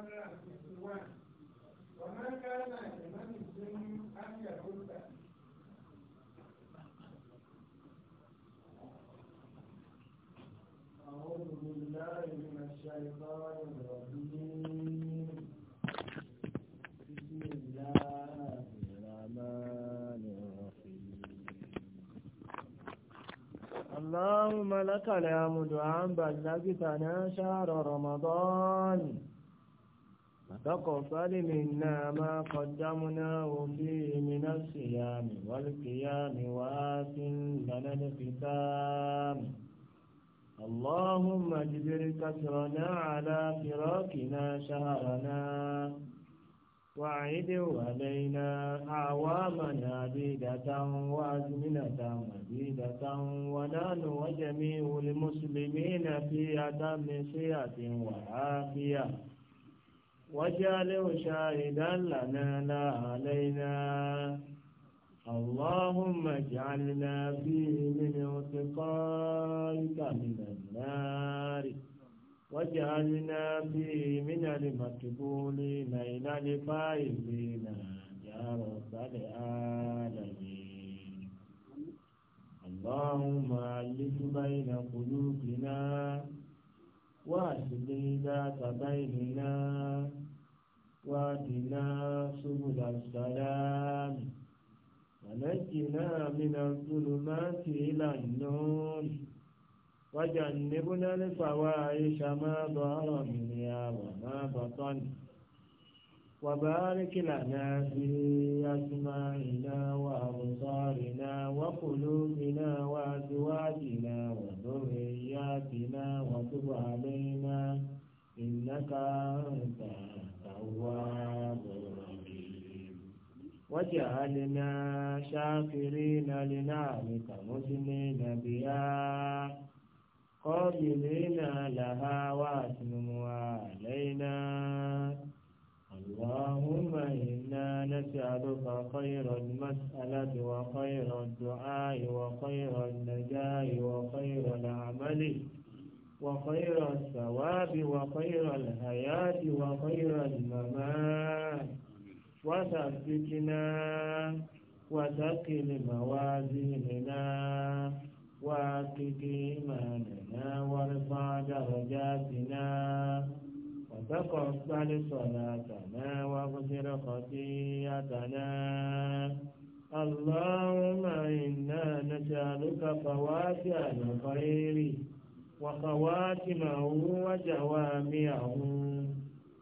151 وما كان لمن الجن أن يحب أعوذ بالله من الشيطان الرجيم بسم الله الرحمن الرحيم اللهم لك الحمد عن بلغتنا شهر رمضان فقفل منا ما قدمناه فيه من الصيام والقيام وآتن لنا الختام اللهم اجبر كسرنا على فراقنا شهرنا وعد علينا أعوامنا عديدة وأزمنة مديدة ونحن وجميع المسلمين في أتم صية وعافية واجعله شاهدا لنا لا علينا اللهم اجعلنا فيه من اتقائك من النار واجعلنا فيه من المقبولين إلى الفائزين يا رب العالمين اللهم ألف بين قلوبنا واهدنا فبيننا واهدنا سبل السلام ونجنا من الظلمات إلى النور وجنبنا الفواحش ما ظهر منها وما بطن وبارك لنا في أسماعنا وأبصارنا وقلوبنا وأزواجنا وذرياتنا وتب علينا إنك أنت التواب الرحيم وجعلنا شاكرين لنعمك مسلمين بها قابلين لها وأتممها علينا اللهم إنا نسألك خير المسألة وخير الدعاء وخير النجاة وخير العمل وخير الثواب وخير الحياة وخير الممات وثبتنا وثقل موازيننا واقف إيماننا وارفع درجاتنا تقبل صلاتنا واغفر خطيئتنا اللهم إنا نسألك فواتح الخير وخواتمه وجوامعه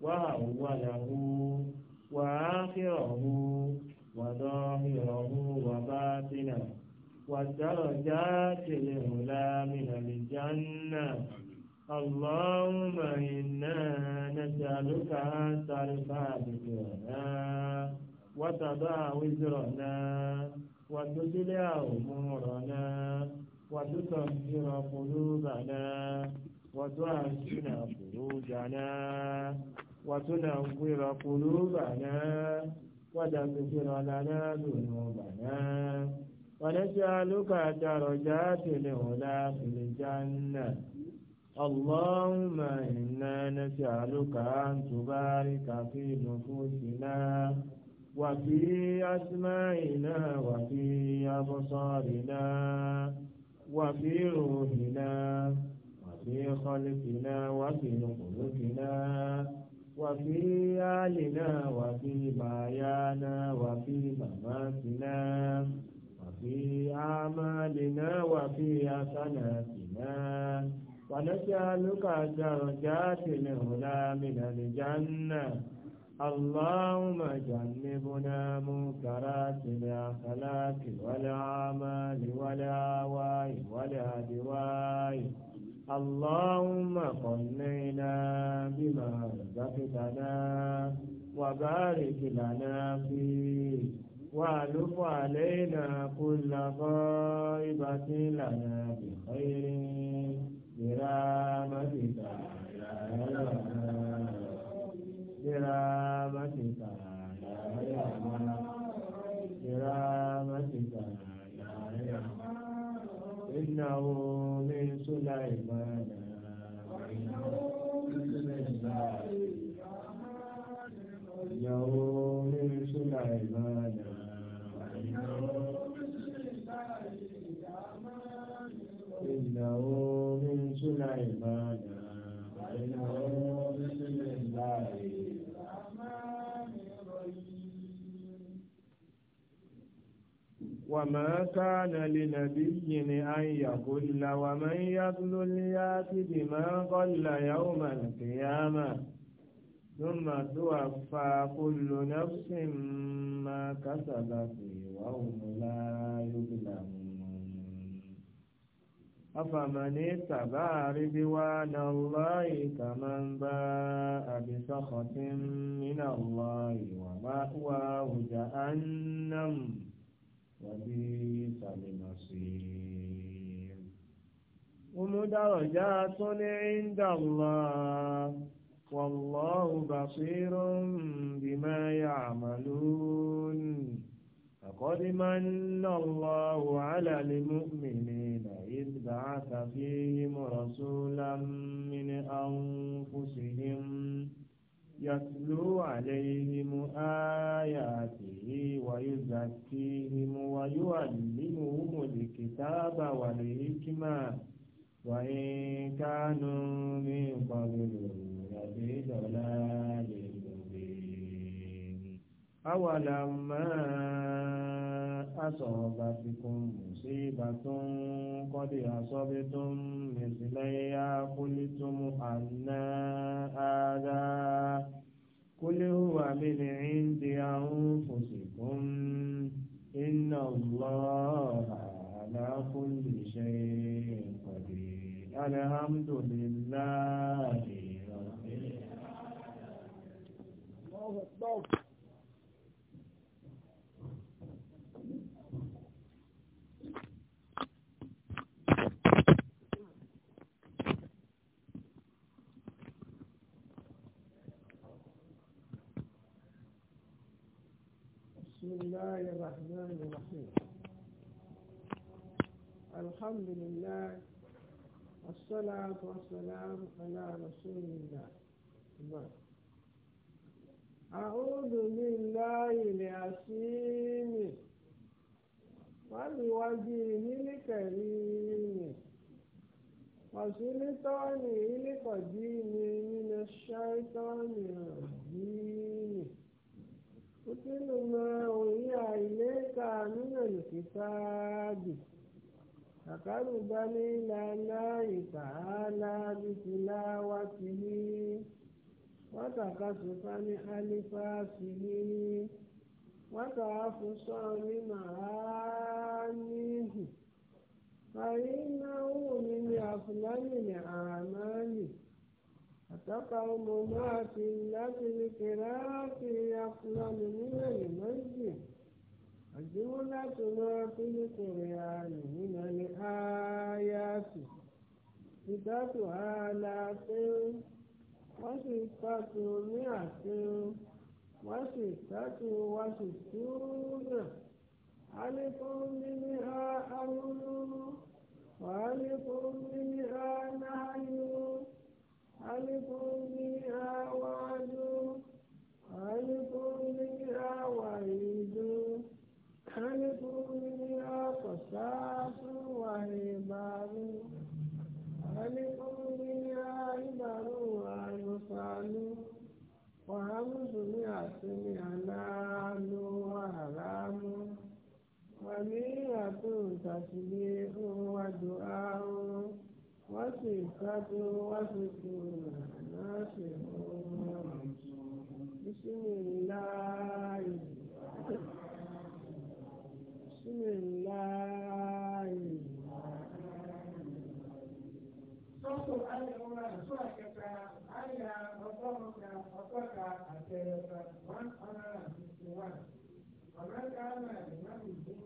وأوله وآخره وظاهره وباطنه والدرجات العلى من الجنة اللهم إنا نسألك أن تعرف بجرنا وتضع وزرنا وتسلع أمورنا وتطهر قلوبنا وتعزنا فروجنا وتنور قلوبنا وتغفر لنا ذنوبنا ونسألك درجات العلى في الجنة اللهم إنا نسألك أن تبارك في نفوسنا وفي أسمائنا وفي أبصارنا وفي روحنا وفي خلقنا وفي نقلتنا وفي آلنا وفي معيانا وفي مماتنا وفي أعمالنا وفي أسناتنا ونسألك درجات الهدى من الجنة اللهم جنبنا منكرات الأخلاق والأعمال والآواء والأدواء اللهم قنينا بما رزقتنا وبارك لنا فيه وألف علينا كل غائبة لنا بخير برحمتك يا رحمن برحمتك يا رحمن برحمتك يا رحمن إنه من سليمان وَمَا كَانَ لنبي أن يضل وَمَن يضلل يات بِمَا قَلَّ يَوْمَ الْقِيَامَةِ ثم توفى كل نفس ما كسبت وهم لا يظلمون أفمن اتبع رضوان الله كمن باء بسخط من الله ومأواه جهنم وبئس المصير هم درجات عند الله والله بصير بما يعملون لقد من الله على المؤمنين إذ بعث فيهم رسولا من أنفسهم يتلو عليهم آياته ويزكيهم ويعلمهم الكتاب والحكمة وإن كانوا من قبل لفي ضلال مبين أولما أصابتكم مصيبة قد أصبتم مثليها قلتم أن هذا قل هو من عند أنفسكم إن الله على كل شيء قدير الحمد لله رب العالمين الله الرحمن الرحيم الحمد لله والصلاة والسلام على رسول الله أعوذ بالله العظيم وبوجهه الكريم وسلطانه القديم من الشيطان الرجيم kutulu ma òyìnbá ìlẹ́ka nínú kìtàbì àkàrùbá ní lálá ìtàhálà bìtìlá wá sí ní wátàkàtúfá ní alifa sí ní wátàáfúsọ ní màáníhù àyínnáwó ní ní àfúlánì ní àmánì. أتقوم ما في الذي القراءة أفضل من المسجد الجملة ما في القرآن من الآيات ستة آلاف وستة مئة وستة وستون ألف منها أمر وألف منها نهي ألقوا بها وعدوا ألقوا بها وعيدوا ألقوا بها قصاص وعبار ألقوا بها عبر وأنصال وهمز مئة حلال وحرام ومئة تسبيح ودعاء wọ́n sì kájú wọ́n sì kú náà sì Bismillah. na one hundred fifty one.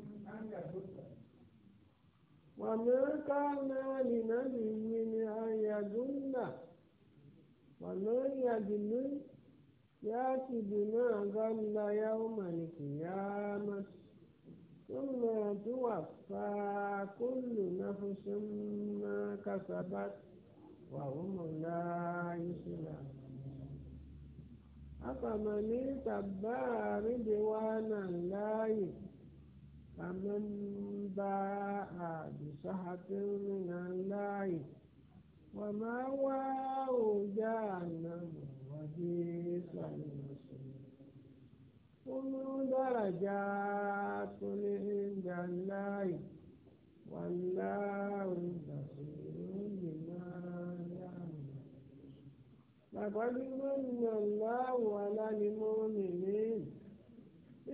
dín Ángà tó sọ. وما كان لنبي أن يدل ومن يدل يأتي بما ضل يوم القيامة ثم توفى كل نفس ما كسبت وهم لا يسلمون أفمن اتبع رضوان الله فمن باء بسحة من الله وما واو جهنم وبئس المصير كل درجات عند الله والله بصير بما لقد من الله على المؤمنين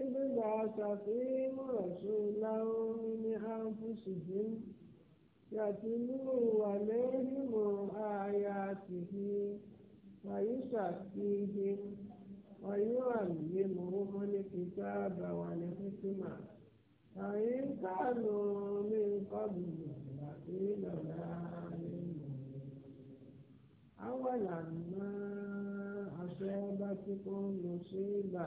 ebe ga-akata mụrọ tụ nae ahụsidi yatụnu wale ihe mụrụ ahịa kehie yị aka ihe anyị aye mụake bwatma anyị a-anụrụ eabụawaana-asa bateụ nụsi eba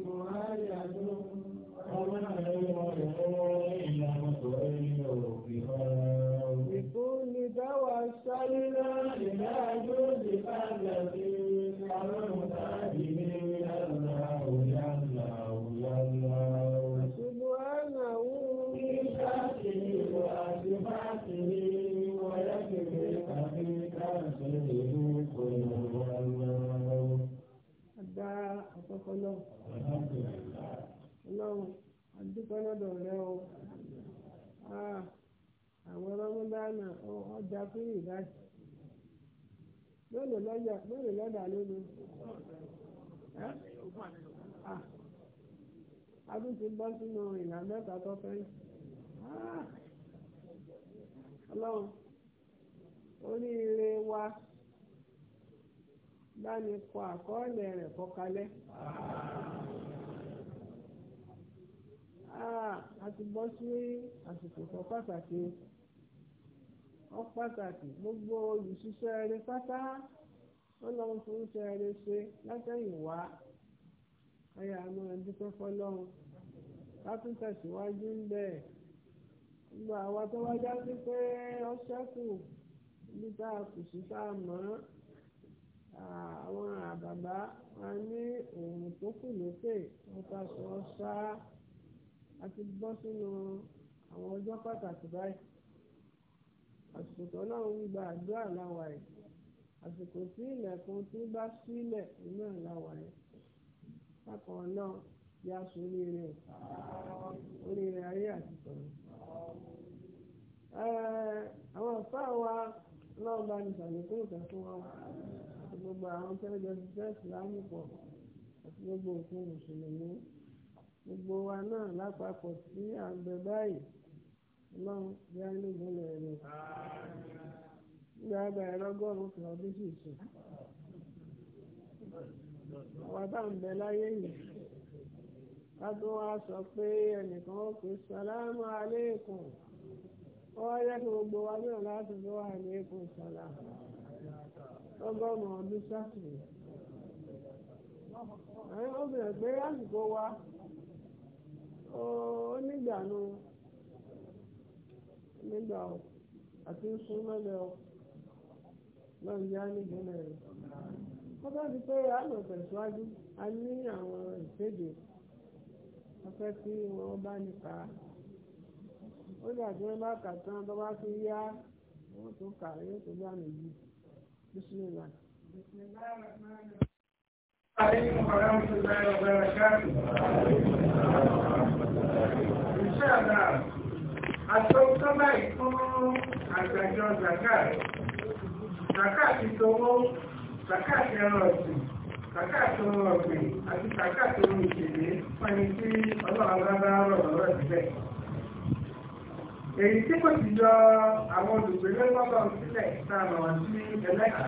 dúpẹ́ lọ́dọ̀ o àwọn rọmọdánà ọjà fúnni ìdájì mélòó lọ́dà lónìí a tún ti bọ́ sínú ìlà mẹ́ta tó fẹ́ ọlọ́run oríire wa bá ní kọ àkọọ́lẹ̀ rẹ̀ kọkalẹ́. Ah, a ti bọ́ sí àsìkò kan pàtàkì wọ́n pàtàkì gbogbo olùṣiṣẹ́ eré pátá ọlọ́run fún iṣẹ́ eré ṣe látẹ̀yìn wá ẹ̀yà àmọ́ ẹ̀dúpẹ́ fọlọ́run ká tún tẹ̀síwájú ń bẹ̀ gbogbo àwa tó wájá sí pé ó ṣẹ́kù ibi tá a kù sí tá a mọ̀ àwọn àbàbá wa ní òòrùn tó kù lókè wọ́n ká sọ ọ́ sáá a ti bọ́ sínú àwọn ọjọ́ pàtàkì báyìí àsìkò ọlọ́run ń gba àdúrà láwa ẹ̀ àsìkò tí ilẹ̀kùn tí bá sílẹ̀ iná láwa ẹ̀ bákan náà yá sóríire oríire ayé àti tọ̀run. àwọn ọ̀pá wa lọ́wọ́ bá ní sàlékún ìtàn fún wa àti gbogbo àwọn tẹ́lẹ̀ jọ ti fẹ́ ìsìlámù pọ̀ àti gbogbo òkú mùsùlùmí. gbogbo wa náà lápapọ̀ sí àgbẹ̀ báyìí ọlọ́run bí a ní ìbọ̀lẹ̀ rẹ̀ gbàgbà ẹ̀rọgọ́rùn kan ọdún sì sùn àwa bá ń bẹ láyé yìí ká tó wá sọ pé ẹnìkan ó pè sàlámù aléèkùn ó wá yẹ kí gbogbo wa náà láti tó wà ní èkùn sàlámù ọgọ́rùn ọdún ó bẹ̀rẹ̀ pé wa. ó nígbà nígbà ọ àti sún mẹ́lẹ̀ ọ náà yá wọ́n bá ti pé àmọ̀ tẹ̀síwájú a ní àwọn ìkéde afẹ́ tí wọ́n bá nípa ó dàbí wọ́n bá kà tán tó bá fi yá wọ́n tó kà yóò عليكم ورحمة الله وبركاته إن شاء الله àtọ́sọ́bà ìfún àgbàjọ zakat zakat tówó zakat ẹran ọ̀sìn zakat ohun ọ̀gbìn àti zakat ohun ìṣèlé fẹ́ni tí ọlọ́run bá rọ̀ lọ́rọ̀ sílẹ̀ èyí tí kò ti yọ àwọn olùgbé lọ́wọ́ sílẹ̀ tá a mọ̀ sí ẹlẹ́kàá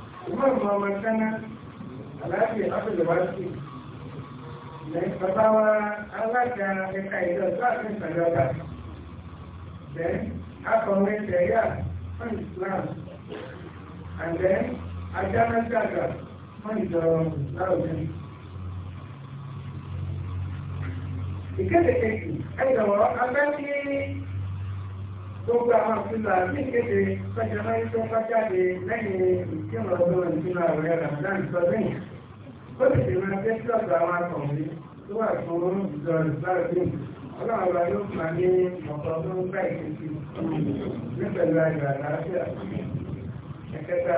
Umar Muhammad Kana, Alhaji Abdullahi da bàbá wa alága ẹ̀ka ìjọ láti ìsànlọ́gbà then akọ̀wé ṣẹ̀yà fún Islam and then ajánájàgà fún ìjọ láwùjọ. ìkéde kejì ẹ̀yọ̀ abẹ́ sí tó gba àwọn ìfìlà ní kéde kájọba tó bá jáde lẹ́yìn ìkírun ọdún ìfìlà rẹ̀ ramadan sọ lẹ́yìn ó sì ti máa jẹ́ sílọ̀dọ̀ àwọn akọ̀wé tó wà fún ìjọ ìgbàlódé ọlọ́run ọba yóò fún wa ní ọ̀pọ̀ tó ń bá ìkẹ́sì nípẹ̀lú àgbà àlàáfíà ẹ̀kẹta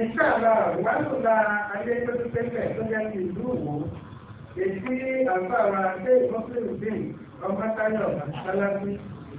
ìṣàlá wàlúùlà adéjọ́dúpẹ́fẹ́ tó jẹ́ ti ìlú òwò èyí àgbà wa dé ìkọ́sílù bíi ọgbọ́n táyọ̀ àtàlágbé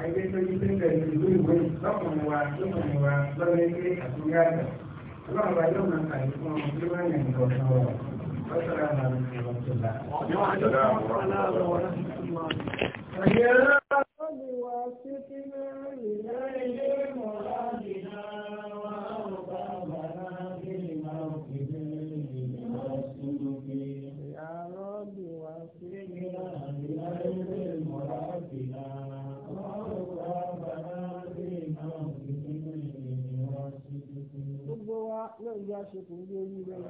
ayélujára ti ń bẹ̀rẹ̀ ìlú ìwé lọ́kùnrin wa lọ́kùnrin wa lọ́lẹ́ ilé àtúnyá àgbà ọlọ́run bá yóò máa kàlí fún ọmọ tí wọ́n yàn nǹkan fún ọ lọ́sọ̀rọ̀ àwọn àmì ìrọ̀tọ̀lá. ọ̀yẹ́ wá ṣe kò ń gbé orí rẹ̀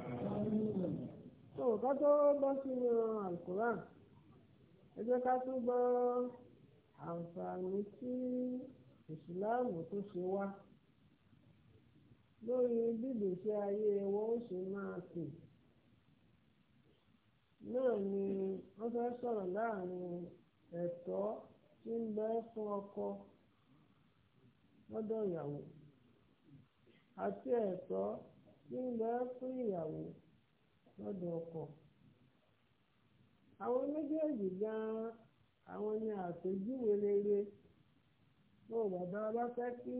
tó ká tó bọ́ sínú tó tí tó ṣe wá lórí bíbèsè ayé wọn ó ṣe máa náà ni wọ́n fẹ́ sọ̀rọ̀ láàrin ẹ̀tọ́ tí ń bẹ fún ọkọ ìyàwó àti nígbà fún ìyàwó lọ́dọ̀ ọkọ. àwọn méjèèjì gan-an àwọn ni àpèjúwe rere bó bàbá wa fẹ́ kí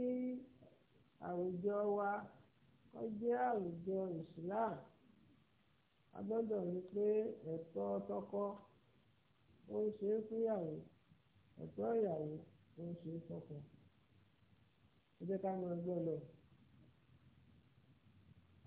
àwùjọ wa kó jẹ́ àwùjọ Islam a gbọ́dọ̀ rí pé ẹ̀tọ́ tọkọ ó ń ṣe é eto ẹ̀tọ́ ìyàwó ó ń ṣe ẹ jẹ́ lọ.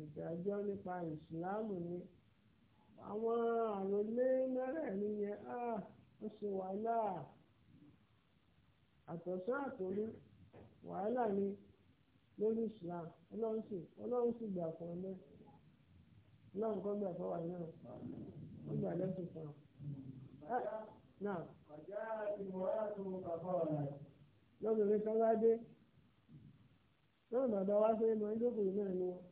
ìdájọ́ nípa ìsìláàmù ni àwọn àròlé mẹ́rẹ̀ẹ̀rin yẹn á ń ṣe wàhálà àtọ̀sán àtòrí wàhálà ni lórí ọlọ́run gbà fún ọlọ́run gbà fún wa náà wọ́n gbà fún ọ. ọ̀la ọ̀la. lọ́bìnrin kan bá dé lọ́nà bàbá wa náà ni wọ́n.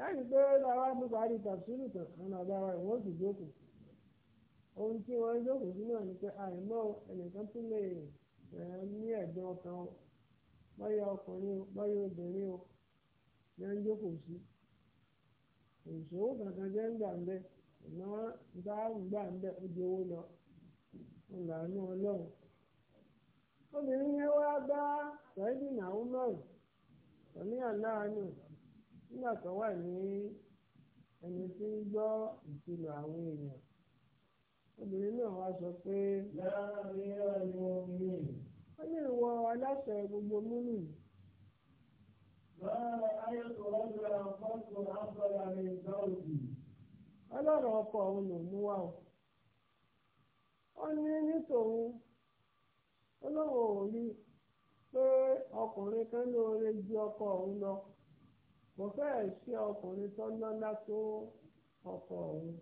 láti pé làwa bí parí tàbísírì tàn àwọn ìwọ́n sì jókòó ohun tí wọ́n jókòó sí náà ni pé àìmọ́ ẹnìkan tún lè ní ẹ̀dùn ọkàn o báyọ̀ ọkùnrin o báyọ̀ obìnrin o ní wọ́n jókòó sí ìṣòwò kankan jẹ́ ń gbà ń bẹ́ ìmọ̀ nígbà gbà ń bẹ́ ojú owó lọ ìlànà ọlọ́run obìnrin yẹn wá bá sẹ́yìn pẹ̀lú nígbà tó wà ní ẹni tí ń gbọ́ ìkìlọ̀ àwọn èèyàn obìnrin náà wá sọ pé. láàrin ní ìwọ aláṣẹ gbogbo múlù. máa ọkọ òun ló mú wá o. ó ní nítòun ọlọ́run ò rí pé ọkùnrin kan ọkọ òun mo fẹ́ẹ̀ ṣe ọkùnrin tó lọ́lá tó ọkọ òun.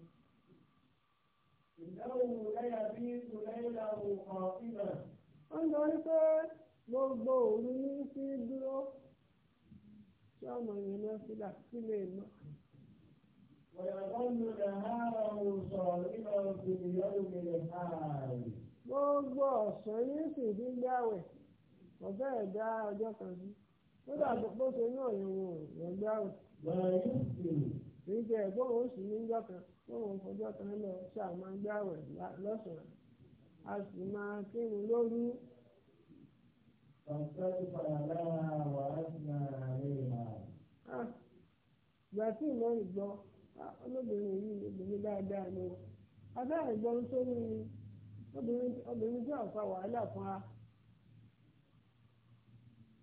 lẹ́yà bí ìkùlẹ́yà òkàn ìbẹ̀rẹ̀. wọ́n lọ rí pé gbogbo òru ní sí dúró tí ọmọ yẹn náà sílà sílé mọ́. ويظل gbogbo ọ̀sán yìí sì fi gbáwẹ̀ ọ̀bẹ́ ẹ̀dá ọjọ́ kan sí. nígbà tó ṣe náà ni wọn ò wọ́n gbárùn. kìí jẹ́ ẹ̀gbọ́n òun sì ní ìjọ kan a si maa kan lọ ṣáà máa gbárùn lọ́sàn-án a sì máa kírun lórí. ìgbà tí ìmọ̀ ìgbọ́ olóbìnrin yìí obìnrin dáadáa ni abẹ́ àìgbọ́n tó obìnrin tí ọ̀fà wàhálà fún wa.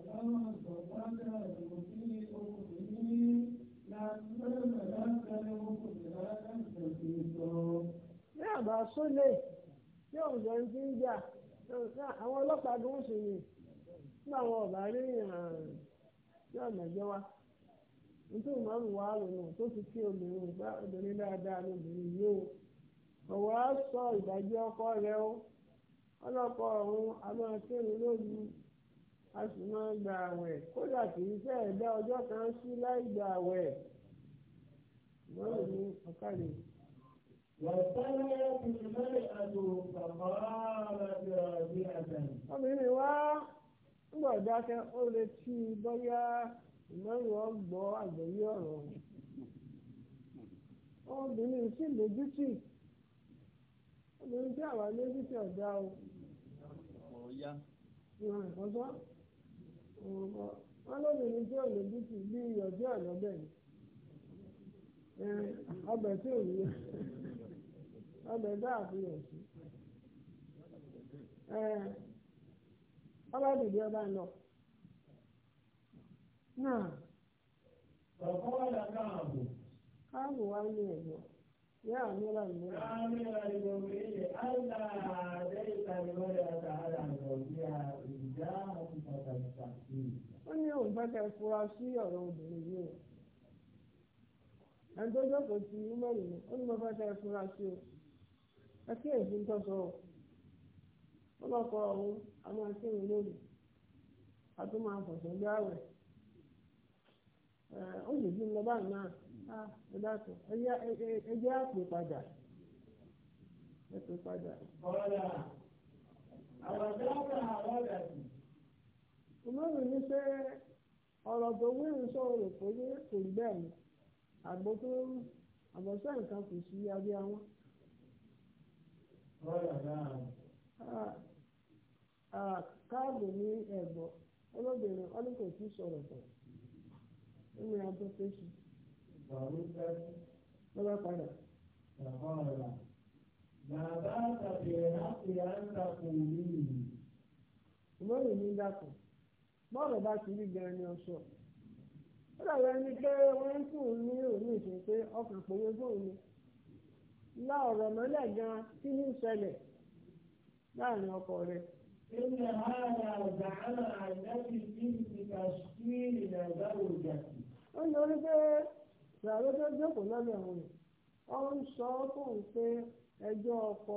ní àbá sólè tí ọ̀dọ́ ń ti ń jà àwọn ọlọ́pàá tó ń sìn ní nígbà àwọn ọ̀bá rí àrùn ọ̀nà jẹ́ wá nítorí màmú wa lòun tó fi kí obìnrin obìnrin dáadáa yìí o ọ̀wọ́ á sọ ìdájọ́ ọkọ rẹ o ọlọ́pàá a máa kírun lóru a sì máa gba àwẹ̀ kódà kì í fẹ́ ẹ̀dá ọjọ́ kan sí láì gba àwẹ̀ lọ́rùn ní ọ̀kàlẹ̀. obìnrin wa ń gbọ́ dákẹ́ ó retí bóyá ìmọ̀ràn ọgbọ́ àgbẹ̀yé ọ̀rọ̀ obìnrin sì lójútì obìnrin tí àwa lójútì ọ̀dà o. ọ̀ya. ìrìn àkọ́sọ́. wọ́n lóbìnrin tí o lè dìtì bí ọjọ́ ọ̀lọ́bẹ̀ ni ọbẹ̀ tí ò níye ọbẹ̀ bá àfihàn sí ọba dìde ọba lọ. ọ̀pọ̀ ọ̀la káàbù. káàbù ní ẹ̀gbọ́n yá àmúra mi. káàmì ọ̀la ìgbòmí ilẹ̀ onye ní òun fẹ́ kẹ́ fura sí ọ̀rọ̀ obìnrin yìí o ẹni tó jókòó ti ímẹ́lì ni ó ní mo fẹ́ kẹ́ fura sí o ẹ kí èyí ń tọ́sọ o ó lọ kọ ọ̀hún a máa kí èyí lónìí a tún máa fọ̀sọ̀ bí àwẹ̀ ó sì ìmọ̀ràn ní pé ọ̀rọ̀ tó wíwì sọ̀rọ̀ kò ní kò rí bẹ́ẹ̀ ni àgbo tó ń àbọ̀sẹ̀ nǹkan kò sí abẹ́ àwọn. Ah, ah, káàbù ní ẹ̀gbọ́ olóbìnrin ọdún kò tí sọ̀rọ̀ pọ̀ nínú abẹ́ fèsì. lọ́wọ́ padà. bàbá àtàkùn ẹ̀ bọ́ọ̀lù bá ti rí gan ni ọṣọ ó dàbẹ̀ ni pé wọ́n ń fún un ní òní ìṣe pé ọkàn pòye fóun ni lá mọ́lẹ̀ gan kí ní ìṣẹ̀lẹ̀ láàrin ọkọ rẹ̀. àdájú Ó ní pé tó jókòó lọ́dọ̀ ó ń sọ fóun pé ẹjọ́ ọkọ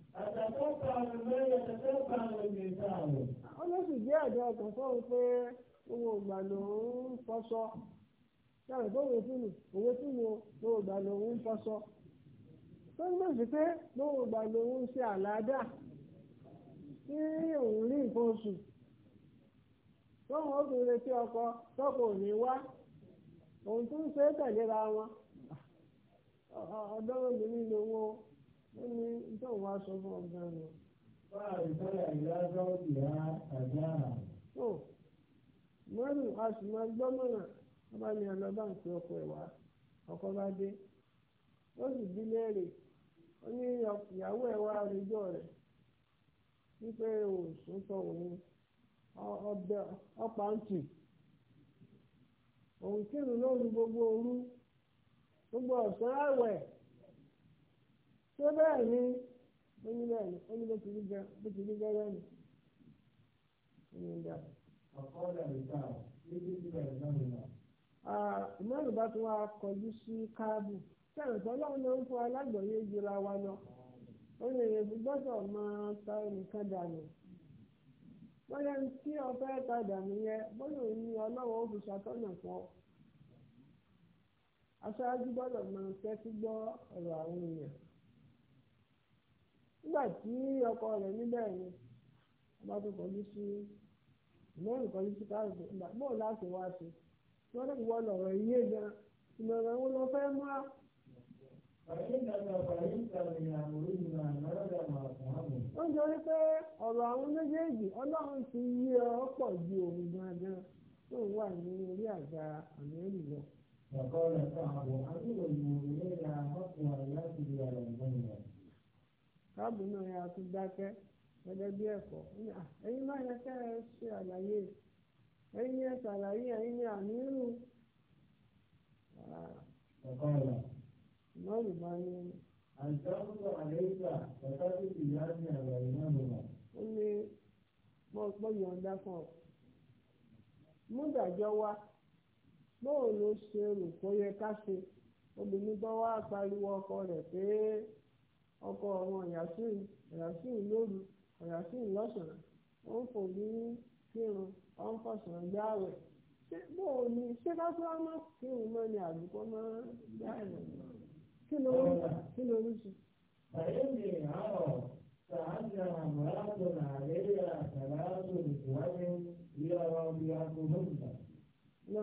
ó ló sì jẹ́ ẹ̀dọ́ ọkàn fóun pé owó ìgbà lòun ń fọṣọ sọ̀rọ̀ tó wò fún owó tí mo ìgbà ń tó ń gbèsè pé ìgbà ń ṣe tí òun rí nǹkan oṣù tóun ó retí ọkọ tọkọ ò ní wá òun tún ṣe é wọn ó ní ìjọ wá sọ fún ọgbà rẹ. báyìí báyà ìyá sọ́ọ̀tì á àjá. tó mọ́rù a sì máa gbọ́ mọ́ràn wọ́n bá ní ọlọ́ bá ń pe ọkọ ẹ̀ wá ọkọ bá dé ó sì bí léèrè ó ní ìyàwó ẹ̀ wá ọpa ń tì gbogbo òru gbogbo ọ̀sán ṣé bẹ́ẹ̀ ni ó ní bẹ́ẹ̀ ni ó ní bó ti rí gan bó ti rí gẹ́gẹ́ ni ó ní dá. àkọọ́lẹ̀ ìgbà méjì ti bẹ̀rẹ̀ náà ìmọ̀lù bá tún wá kọjú sí káàbù sẹ́yìn tó lọ́wọ́ ló ń fún wa lọ lè gbọ́dọ̀ máa ta ẹnìkan dànù wọ́n ta dànù ní ọlọ́wọ́ ó fi ṣàtọ́nà aṣáájú nígbà ọkọ rẹ níbẹ̀ yẹn ọba tó kọjú sí ìmọ̀ràn kọjú sí káàdì ìgbà bóun láti wá sí wọn lè wọ lọ̀rọ̀ iye gan ìmọ̀ràn wo lọ fẹ́ a. ó ń jọrí pé ọ̀rọ̀ àwọn méjèèjì ọlọ́run ti yí ọ pọ̀ ju òun tó wà ní orí àga àmì lọ. ọ̀kọ́ rẹ̀ àbúrò ìmọ̀ ìlera ọkùnrin láti káàbù náà yà tún dákẹ́ gẹ́gẹ́ bí ẹ̀kọ́ ẹ̀yin máa yẹ kẹ́ ẹ ṣe àlàyé ẹ̀yin yẹ ṣàlàyé ẹ̀yin ni àmírù. ìmọ̀lù bá ní. àǹtọ́kùtù àlẹ́yìnbá pàtàkì ìyá ní àlàyé náà ló wà. ó ní pọ́ yọ̀ǹda fún ọ. múdàjọ́ ṣe rò kó yẹ ká ṣe obìnrin bá wá pariwo ọkọ rẹ̀ pé. ọkọ wọn yasin yasin lóru yasin lọ́sàn-án ó ń fò ní kírun ó ń ṣé ni ṣé ká kírun mọ́ ni àdúgbò má gbáwẹ̀ kí ló kí ló rí sí. àyèmí àárọ̀ sàájà àmọ́láṣọ nàìjíríà sàlájò ìwádìí ìyọ̀rọ̀ bí agbóhùn. àṣọ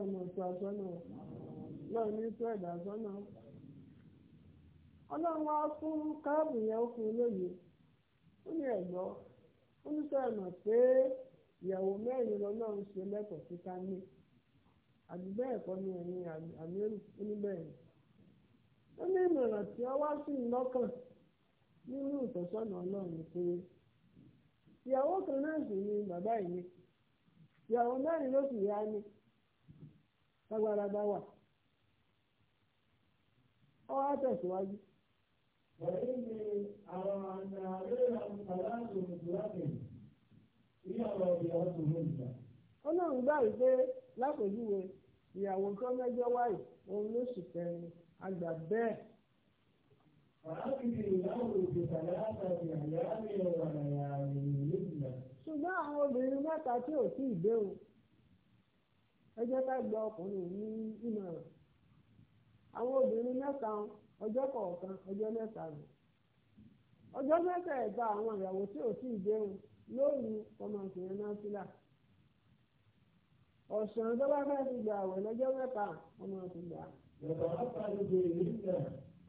náà ẹ̀dá àṣọ náà. ọlọ́run wá fún káàbù yẹn ó fún un lóye ó ní ẹ̀gbọ́ ó ní sọ ẹ̀mọ̀ pé ìyàwó mẹ́rin lọ́lọ́run ṣe lẹ́kọ̀ọ́ sí sáńdé àdúgbò ẹ̀kọ́ ni ẹ̀yin àmírù ó ní bẹ́ẹ̀ ó ní ìmọ̀ràn tí ó wá sí lọ́kàn nínú ìtọ́sọ́nà ọlọ́run pé ìyàwó kan náà sì ni bàbá yìí ìyàwó mẹ́rin ló sì yá ni lágbára bá wà ó wá tẹ̀síwájú. وإني أرى أن عليهم ثلاث مثلات هي رابعتهن. Ọlọ́run gbà wípé lápèjúwe ìyàwó kan mẹ́jọ wáyé òun ló sì kẹrin àgbà bẹ́ẹ̀. ìyàwó òkèta látàrí àyàmì ọ̀rọ̀ àyàmì ìlúùnà. Ṣùgbọ́n àwọn obìnrin mẹ́ta tí ò tí ì dé o. ká gba ọkùnrin ní ìmọ̀ràn. Àwọn obìnrin mẹ́ta ọjọ́ kọ̀ọ̀kan ọjọ́ mẹ́ta ọjọ́ mẹ́ta ẹ̀ta àwọn ìyàwó tí ò tí ì lóòrù lóru ọmọkùnrin náà sílà ọ̀sán tó bá fẹ́ẹ́ gbà àwẹ̀ lọ́jọ́ mẹ́ta ọmọ gbà.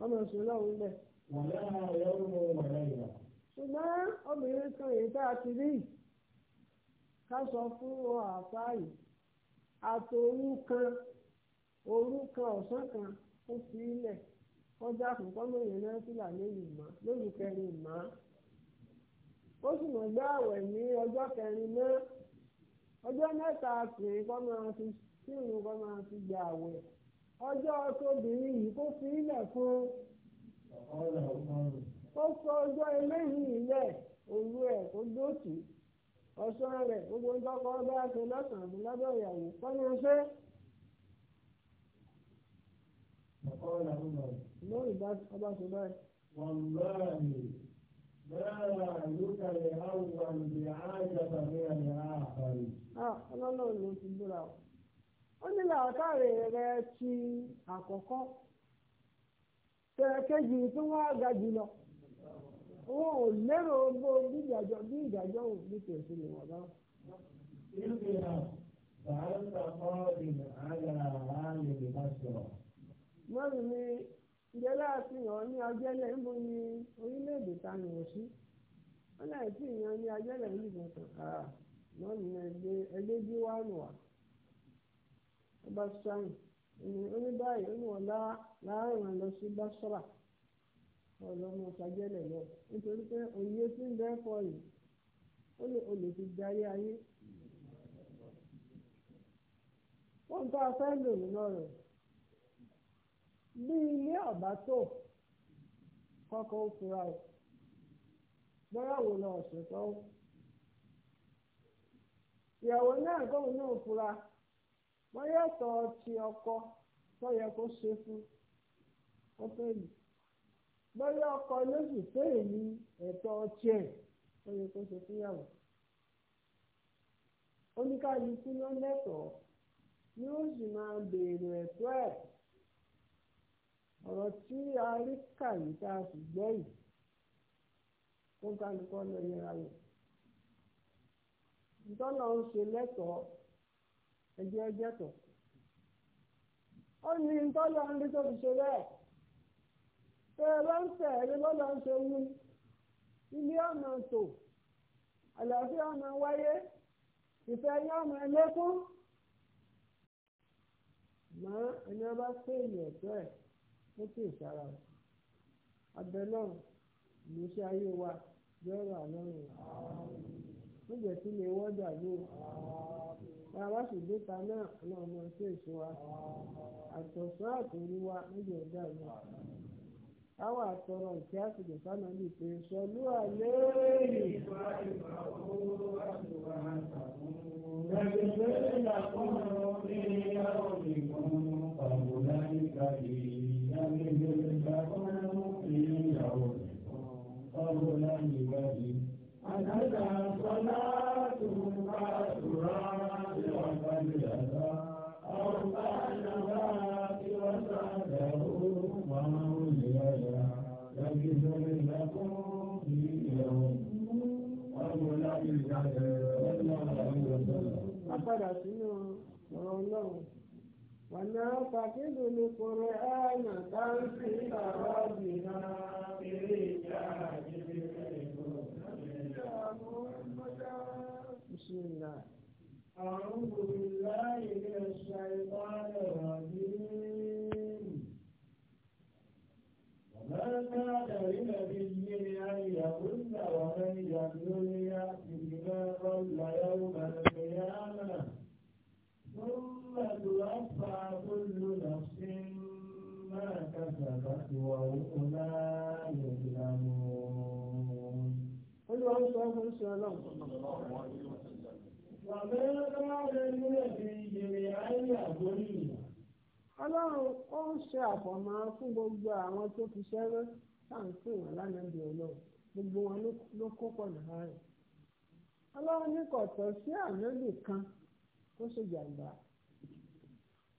ọmọ lọ́hùn ṣùgbọ́n obìnrin kan èyí tá a ti rí ká sọ fún ọ àfáà àtòrú kan kan ọ̀sán kan ó fi wọ́n já fún kọ́mọ̀yìn náfìlà lórí ìmọ̀ lórí kẹrin ìmọ̀ ó sì mọ̀ gbé àwẹ̀ ní ọjọ́ kẹrin náà ọjọ́ mẹ́ta sì kọ́ máa fi sínú kọ́ máa fi gbà àwẹ̀ ọjọ́ tóbìnrin yìí kó fi ilẹ̀ fún ó sọ ọjọ́ eléyìí ilẹ̀ òru ẹ̀ kó dóòtú ọ̀sán rẹ̀ gbogbo ń tọ́kọ bá ṣe lọ́sàn-án lọ́dọ̀ ìyàwó kọ́ ni ó ṣe فقال عمر lórí ọba ṣe báyìí. wàlláhi bẹ́ẹ̀ lùkàlẹ̀ ní ẹ̀yà àbáyé. Ah, ọlọ́run ló ti búra o. ó ní làákàrẹ̀ rẹ ti àkọ́kọ́ kejì wọ́n ò lérò bó bí ìdájọ́ bí ìdájọ́ ò ní tẹ̀sí ni wọ́n bá. ìgbìyànjú ń ìbáṣọ. mọ́rin ni ǹjẹ́ láàfihàn ní ajẹ́lẹ̀ ń bo ni orílẹ̀-èdè ta nù ọ́ sí wọ́n náà tí ìyàn ní ajẹ́lẹ̀ ń kan mọ́rin ẹgbẹ́jú wà nù wá sáyìn báyìí ó ní wọn láàrùn lọ sí ọlọ́mọ lọ nítorí pé òye tí ń ayé. wọ́n ń bá a bí ilé ọ̀bá tó kọ́kọ́ ó fura o lọ ọ̀sẹ̀ tó ìyàwó náà kóun náà fura bóyá ti ọkọ tó yẹ kó ṣe fún ọkọ lóṣù ní ẹ̀tọ́ tó yẹ kó ṣe oníkàlùkù ló lẹ́tọ̀ọ́ ni ó sì máa béèrè ẹ̀tọ́ ẹ̀. ọ̀rọ̀ tí a rí kà yìí tá a sì gbọ́ yìí tó ń lọ yẹra ìtọ́nà ń ṣe lẹ́tọ̀ọ́ ẹjẹ́ ó ní ìtọ́nà ń rí tó fi ṣe bẹ́ẹ̀ ẹ bá ń tẹ̀ ẹ́ ń ṣe ilé ọ̀nà tò ó kì í sára o abẹ́lọ́run ìgbésí ayé wa jọ́rọ̀ àlọ́run níjẹ́ tí lè wọ́dà ló tá a bá sì déta náà náà mọ sí èso wa àtọ̀sán àtòrí wa níjẹ́ ọ̀dà ló àwọn àtọ̀rọ̀ ìkí àtìgbè sáná bíi pé sọlú àlẹ́ ní láyé padà sínú ọ̀rọ̀ ọlọ́run ونعتقد القرآن تنزيل ربنا بسم الله أعوذ بالله من الشيطان الرجيم وما كان لنبي أن يغل ومن يغل يأتي بما قل يوم القيامة توفى كل نفس ما كسبت وهم لا يظلمون قل وأنت وما كان لنبي أن يضل Ọlọ́run ó ń ṣe àfọ̀mọ́ fún gbogbo àwọn tó fi ṣẹ́rẹ́ sáǹpì wọn lánàbí Ọlọ́run gbogbo wọn ló kó pọ̀ rẹ̀. Ọlọ́run ní kò tọ́ ala ànábì kan tó ṣe jàǹbá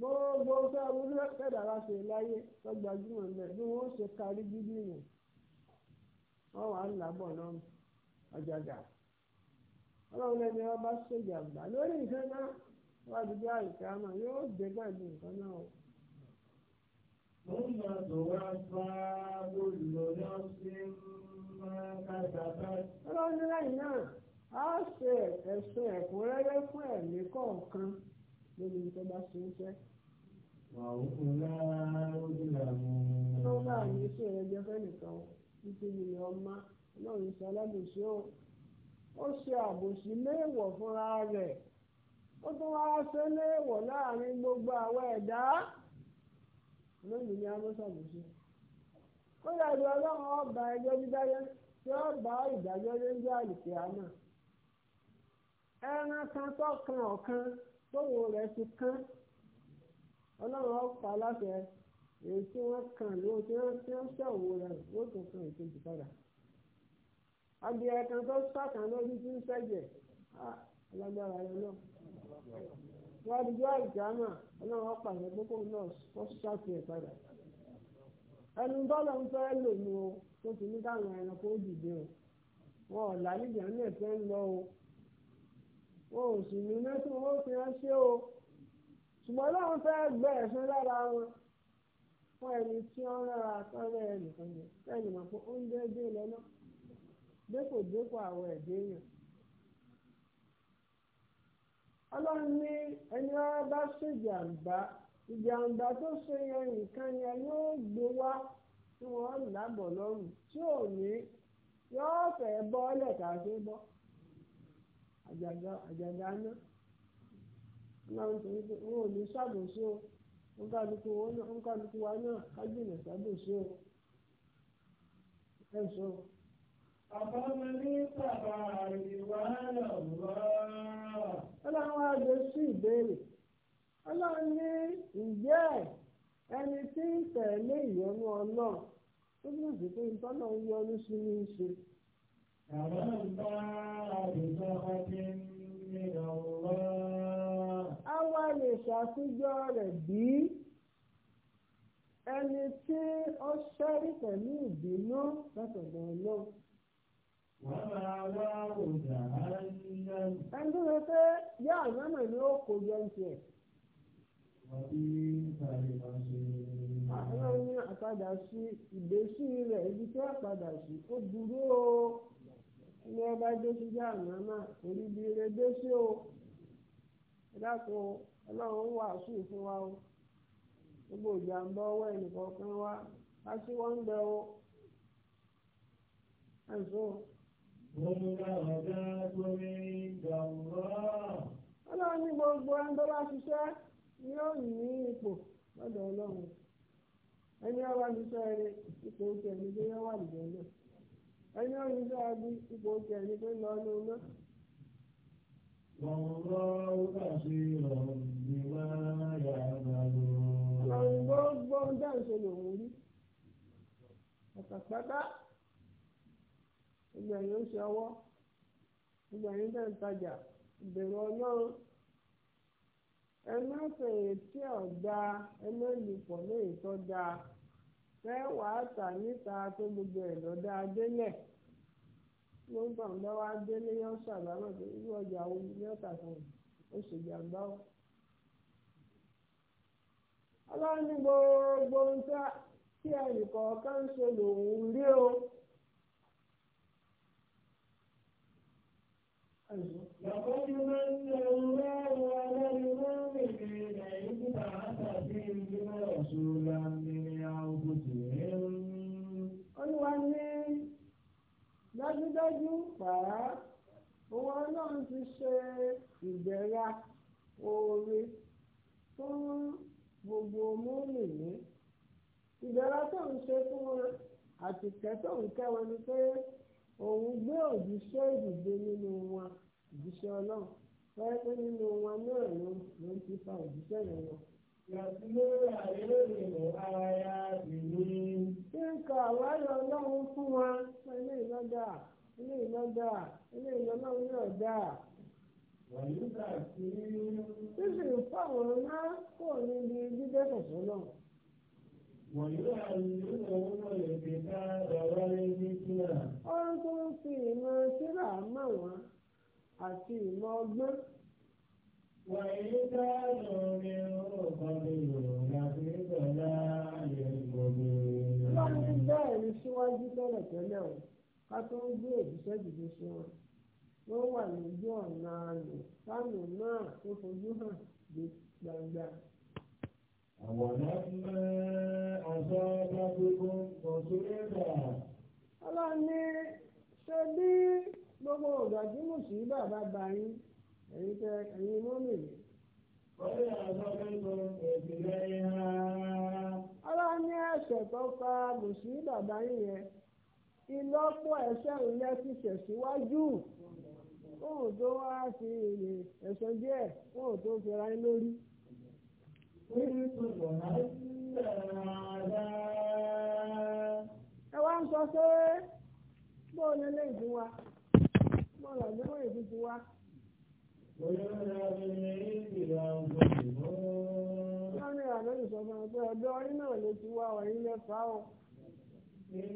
gbogbo ọgbẹ́ abúlé lọ́sẹ̀dára ṣe láyé lọ́gbàjúmọ̀ ń bẹ̀ bí wọ́n ṣe kárí bíbí nù wọ́n wà ń làbọ̀ náà ọ̀jàgà ọlọ́run lẹ́ni wọn bá ṣèjàgbá lórí nǹkan náà wọ́n ti jẹ́ àìsàn àmọ́ yóò dé gbàgbé nǹkan náà o. Nígbà tó wá bá olùlọ́yọ́ sí máa kájàpá. Ọlọ́run ní lẹ́yìn náà, a ṣe ẹ̀sùn ẹ̀kúnrẹ́rẹ́ fún ẹ̀mí kọ̀ọ̀kan lórí tó bá ṣe ń fẹ́. ọlọ́run bá àmì sí ẹ̀rẹ́jẹ fẹ́nìkan nítorí ilẹ̀ ọmọ ọlọ́run ṣe alábòsí ó ó ṣe àbòsí léèwọ̀ fúnra rẹ̀ ó tún wá ṣe léèwọ̀ láàrin gbogbo àwọn ẹ̀dá lónìí ni a mọ́ ṣàbòsí ọlọ́run ọba ẹjọ́ dídájọ́ tí ó bá ọlọ́run ọ̀pá aláṣẹ èyí tí wọ́n kàn ló tí wọ́n tí wọ́n ṣàwò rẹ̀ wọ́n tún kan ìkejì padà. adìẹ kan tó sàkàn lórí tí ń ṣẹ̀jẹ̀ alágbára rẹ̀ náà. wọ́n adigun àìjáàmà ọlọ́run ọ̀pá rẹ̀ gbogbo náà kọ́ ṣàfihàn padà. ẹnu bọ́lá ń fẹ́ lò ní o tó ti ní káwọn ẹranko dìde o wọn ò lálẹ́ ìjà náà fẹ́ ń lọ o wọn ò sì ní mẹ́tò owó fi ránṣẹ́ o ṣùgbọ́n ọlọ́run fẹ́ gbẹ ẹ̀sùn lára wọn fún ẹni tí ó ń rárá sọ́rọ̀ ẹnìkan jẹ sẹ́ni mọ̀ pé ó ń lọ́nà dépò dépò àwọn ẹ̀dẹ́ èèyàn. ọlọ́run ní ẹni rárá bá ṣèjàǹbá ìjàǹbá tó ṣe yẹn nìkan yẹn yóò gbé wá tí wọ́n lábọ̀ lọ́rùn tí ò ní yóò fẹ́ bọ́ lẹ̀ka ṣe bọ́ àjàgà náà. na tó ń wọn ò ní ṣàbòsí o nǹkanukú wa náà kájìnà ṣàbòsí o ẹ sọ. àbámu ní bàbá ìwà lọ́wọ́. ọlọ́run wá gbé sí ìbéèrè ọlọ́run ní ìjẹ́ ẹni tí ń tẹ̀lé ọlọ́run tó bí pé ń sí ní í ṣe. bá àdìsọ́ wá lè ṣàfijọ́ rẹ̀ bí ẹni tí ó ṣẹ́rí pẹ̀lú ìbínú látọ̀dọ̀ ọlọ́run. Wọ́n máa wá òjà ánìyàn. Ẹni tó ṣe pé yá àgbẹ̀mọ̀ ni ó kó ń tiẹ̀. Àwọn ní àpadà sí ìgbésí rẹ̀ ibi tí wọ́n padà sí ó burú o. Ilé ọba dé sí yá àgbẹ̀mọ̀ orí bí ire dé sí o. ẹ̀dákun ọlọ́run wàásù fún wa o gbogbo ìjàmbá ọwọ́ ẹnìkọ̀ọ̀kan wa wọ́n ń bẹ o ẹ̀sọ́. ọlọ́run ní gbogbo ẹni tó bá ṣiṣẹ́ ni yóò ní ipò lọ́dọ̀ ọlọ́run ẹni ọba ṣiṣẹ́ rẹ ipò ẹni tó yẹ wà náà ẹni ọba ṣiṣẹ́ ipò ẹni tó والله بصير بما يعملون gbogbo ń dáǹṣe lòun rí ọ̀pọ̀pẹ́pẹ́ ìgbà yìí ń ṣe ọwọ́ ìgbà yìí bẹ́ẹ̀ dáa fẹ́ wàá níta tó gbogbo ẹ̀ lọ́dá délẹ̀. wọ́n gbà ń bá wá délé yọ ṣàbámọ̀ pé irú ọjà wo ni ọ̀tà fún un jàǹbá ọlọ́run ní gbogbo ohun tí ẹnìkọ̀ọ̀kan ń ṣe lòun rí o. síwájú pàá òun ọlọ́run ti ṣe ìdẹ̀ra oore fún gbogbo mọ́mìnì ìdẹ̀ra tó ń ṣe fún wọn àtìkẹ́ tó ń kẹ́ ni pé òun gbé òjíṣẹ́ ìdìde nínú wọn òjíṣẹ́ ọlọ́run fẹ́ pé nínú wọn náà ló ló ti fa òjíṣẹ́ yẹn lọ. Yàtúlóra ìrèrè ara ìlú. Ṣé nǹkan àwárí ọlọ́run fún wa pẹ̀lú ìlọ́dà? ilé ìlọ́dà ilé ìlọ́lọ́run yóò dà. Sísè fáwọn ọ̀nà kò ní di dídé sọ̀sọ́ náà. Ọ̀rọ̀ tó ń fi ìmọ̀ síra mọ̀ wọ́n àti ìmọ̀ ọgbọ́n. Wàyí dáàbò mi ò kọ́ni ìròyìn àti ìgbọ̀lá ayé ìgbòmí. Ọlọ́run ti bẹ́ẹ̀ ní síwájú tẹ́lẹ̀ tẹ́lẹ̀ o. ká tó ń gbé òjíṣẹ́ dìde sí wọn wọ́n wà lójú ọ̀nà àrùn kánò náà tó fojú hàn dé gbangba. àwọ̀dá mẹ́ ọlọ́ni ṣe bí gbogbo ọ̀gá tí mo sì bàbá bá yín ẹ̀yin tẹ ẹ̀yin mọ́mì mi. Ọlọ́run ní ẹ̀ṣẹ̀ tó pa Mùsùlùmí bàbá ìlọ́pọ̀ ẹ̀ṣẹ̀ ìyẹn ti ṣẹ̀síwájú fóun tó wá sí ilé ẹ̀sán díẹ̀ fóun tó fẹ́ra ẹ lórí. ẹ wá ń sọ pé bóun ní ilé ìfún wa bóun làgbé wọ́n ìfún ti wá. Lọ́rin àná ìsọ̀fún àgbẹ̀ ọ̀dọ́ orí náà ló ti wá ọ̀rí lẹ́fà ọ́. إن الله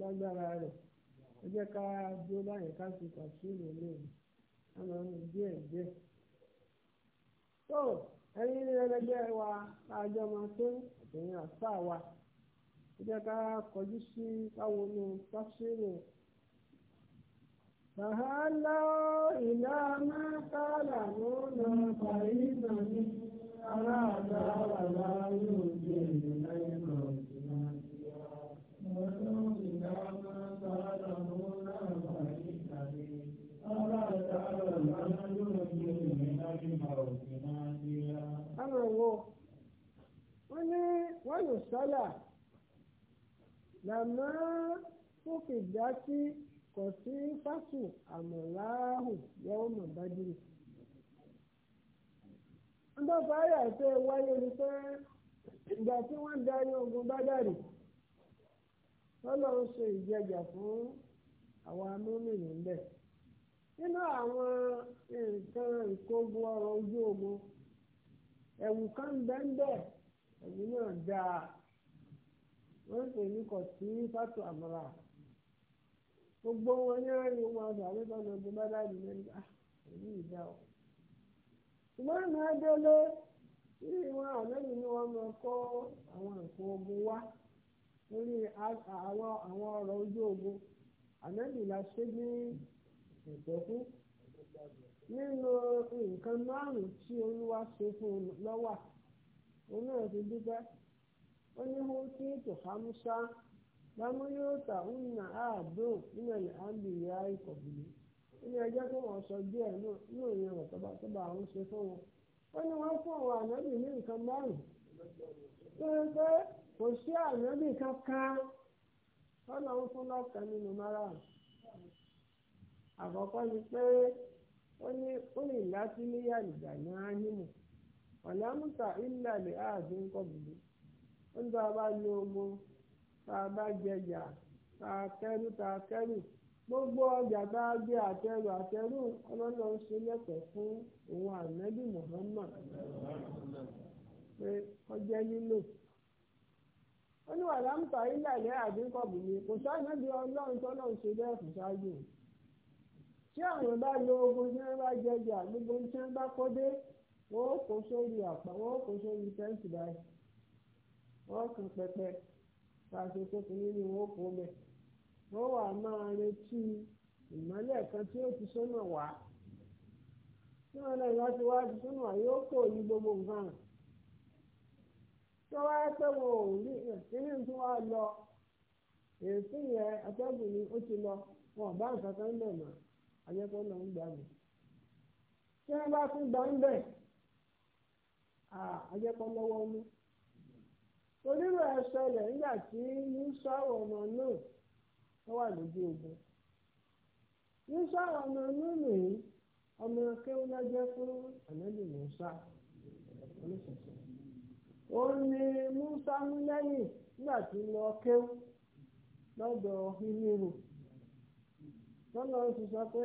lágbára rẹ̀ jẹ́ ká dúró báyìí ká fi kàṣírò a máa ń díẹ̀ díẹ̀. tó ẹ̀yin ẹlẹgbẹ́ wa àjọ máa tó àtẹ̀yìn kọjú sí káwọn فهلوا إلى ما تعلمون قريبا من أراد ولا يوجد إليكم wọ́n ní wọ́n yóò sọ́là làmọ́ fòkè dá sí kò sí fásù àmọ̀láhù yẹ́wọ́ mọ̀ bá dìrì. nígbà parí àìsè wáyé ni ogun fún àwọn amúnmìnì ńbẹ̀ nínú àwọn nǹkan ìkógun ọrọ̀ ojú ogun kan náà dáa ní gbogbo onye ní wọn ní wọn àgbà nípa lọ́dún bá dáàbò lẹ́nu àmì ìdá o. ṣùgbọ́n ihe adélé tí ìwọ̀n àmẹ́lì ni wọ́n onye kọ́ àwọn nǹkan nínú nǹkan olúwa ṣe fún un bámú yóò tà ń nà áàdó nílẹ̀ àmì ìyá ìkọ̀bìlì nínú ẹjọ́ tó wọ́n sọ díẹ̀ nínú ìyẹn rẹ̀ tọ́ba tọ́ba àwọn ṣe fún wọn. ó ní wọ́n fún àwọn ànábì ní nǹkan márùn-ún tó ń kò sí ànábì kankan ń fún lọ́kàn nínú àkọ́kọ́ ni pé ó ní ó ní ní ánímù ọ̀làmùtà ìlàlẹ̀ ó ń tá a bá jẹjà tá a kẹ́rù tá a gbogbo ọjà bá gbé àtẹrù àtẹrù ọlọ́lọ́ ń ṣe lẹ́kọ̀ọ́ fún òun Muhammad pé ọjẹ́ nílò ń ilé àdínkọ̀bù ni kò sáyẹn bí ọlọ́run tó ṣe bẹ́ẹ̀ ṣáájú tí àwọn bá lo ogun tí wọ́n bá jẹjà gbogbo tí wọ́n bá kó dé pẹpẹ. a tó ti ní ní wọn kò bẹ wọn wà máa retí ìmọ́lẹ̀ kan tí ó ti sọ́nà wá tí wọn lẹ́yìn wá ti wá ti sọ́nà wá yóò kó gbogbo nǹkan tó wáá pé wọn ò rí kíní tí wọn lọ èsì yẹn atẹ́gùn ni ó ti lọ wọn bá nǹkan kan bẹ̀ mọ́ ayẹ́kọ́ náà ń gbà bá tún onírò ẹ ṣẹlẹ̀ nígbà tí musa ọmọ náà ó wà lójú ogun ọmọ náà ọmọ jẹ fún ànábì musa ó ní musa mú lẹ́yìn nígbà tí lọ kéwọ́ lọ́dọ̀ hímírù tọ́lọ́ ti sọ pé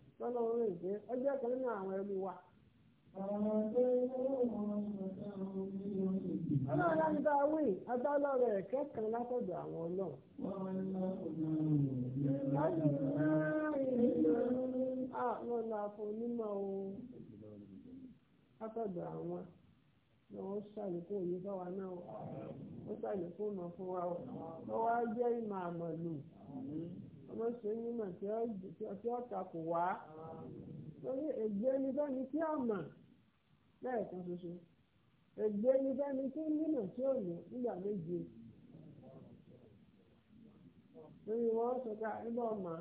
lọ́lọ́ orí ìgbé ọjọ́ kan nínú àwọn ẹrú wa. Ọlọ́run láti bá wí agbálọ́rọ̀ ẹ̀kẹ́ kan látọ̀dọ̀ àwọn ọlọ́run. Láti máa ìlú àwọn ọ̀làfọ̀ onímọ̀ ohun látọ̀dọ̀ àwọn náà wọ́n ṣàlékún náà wọ́n ṣàlékún ọmọ fún wa wá jẹ́ ìmọ̀ àmọ̀lù. ọmọ ṣe ní mà tí ó takò wá lórí ègbé ni fẹ́ni tí ó mà ṣoṣo tí tí nígbà méje lórí wọn sọ ọmọ ọmọ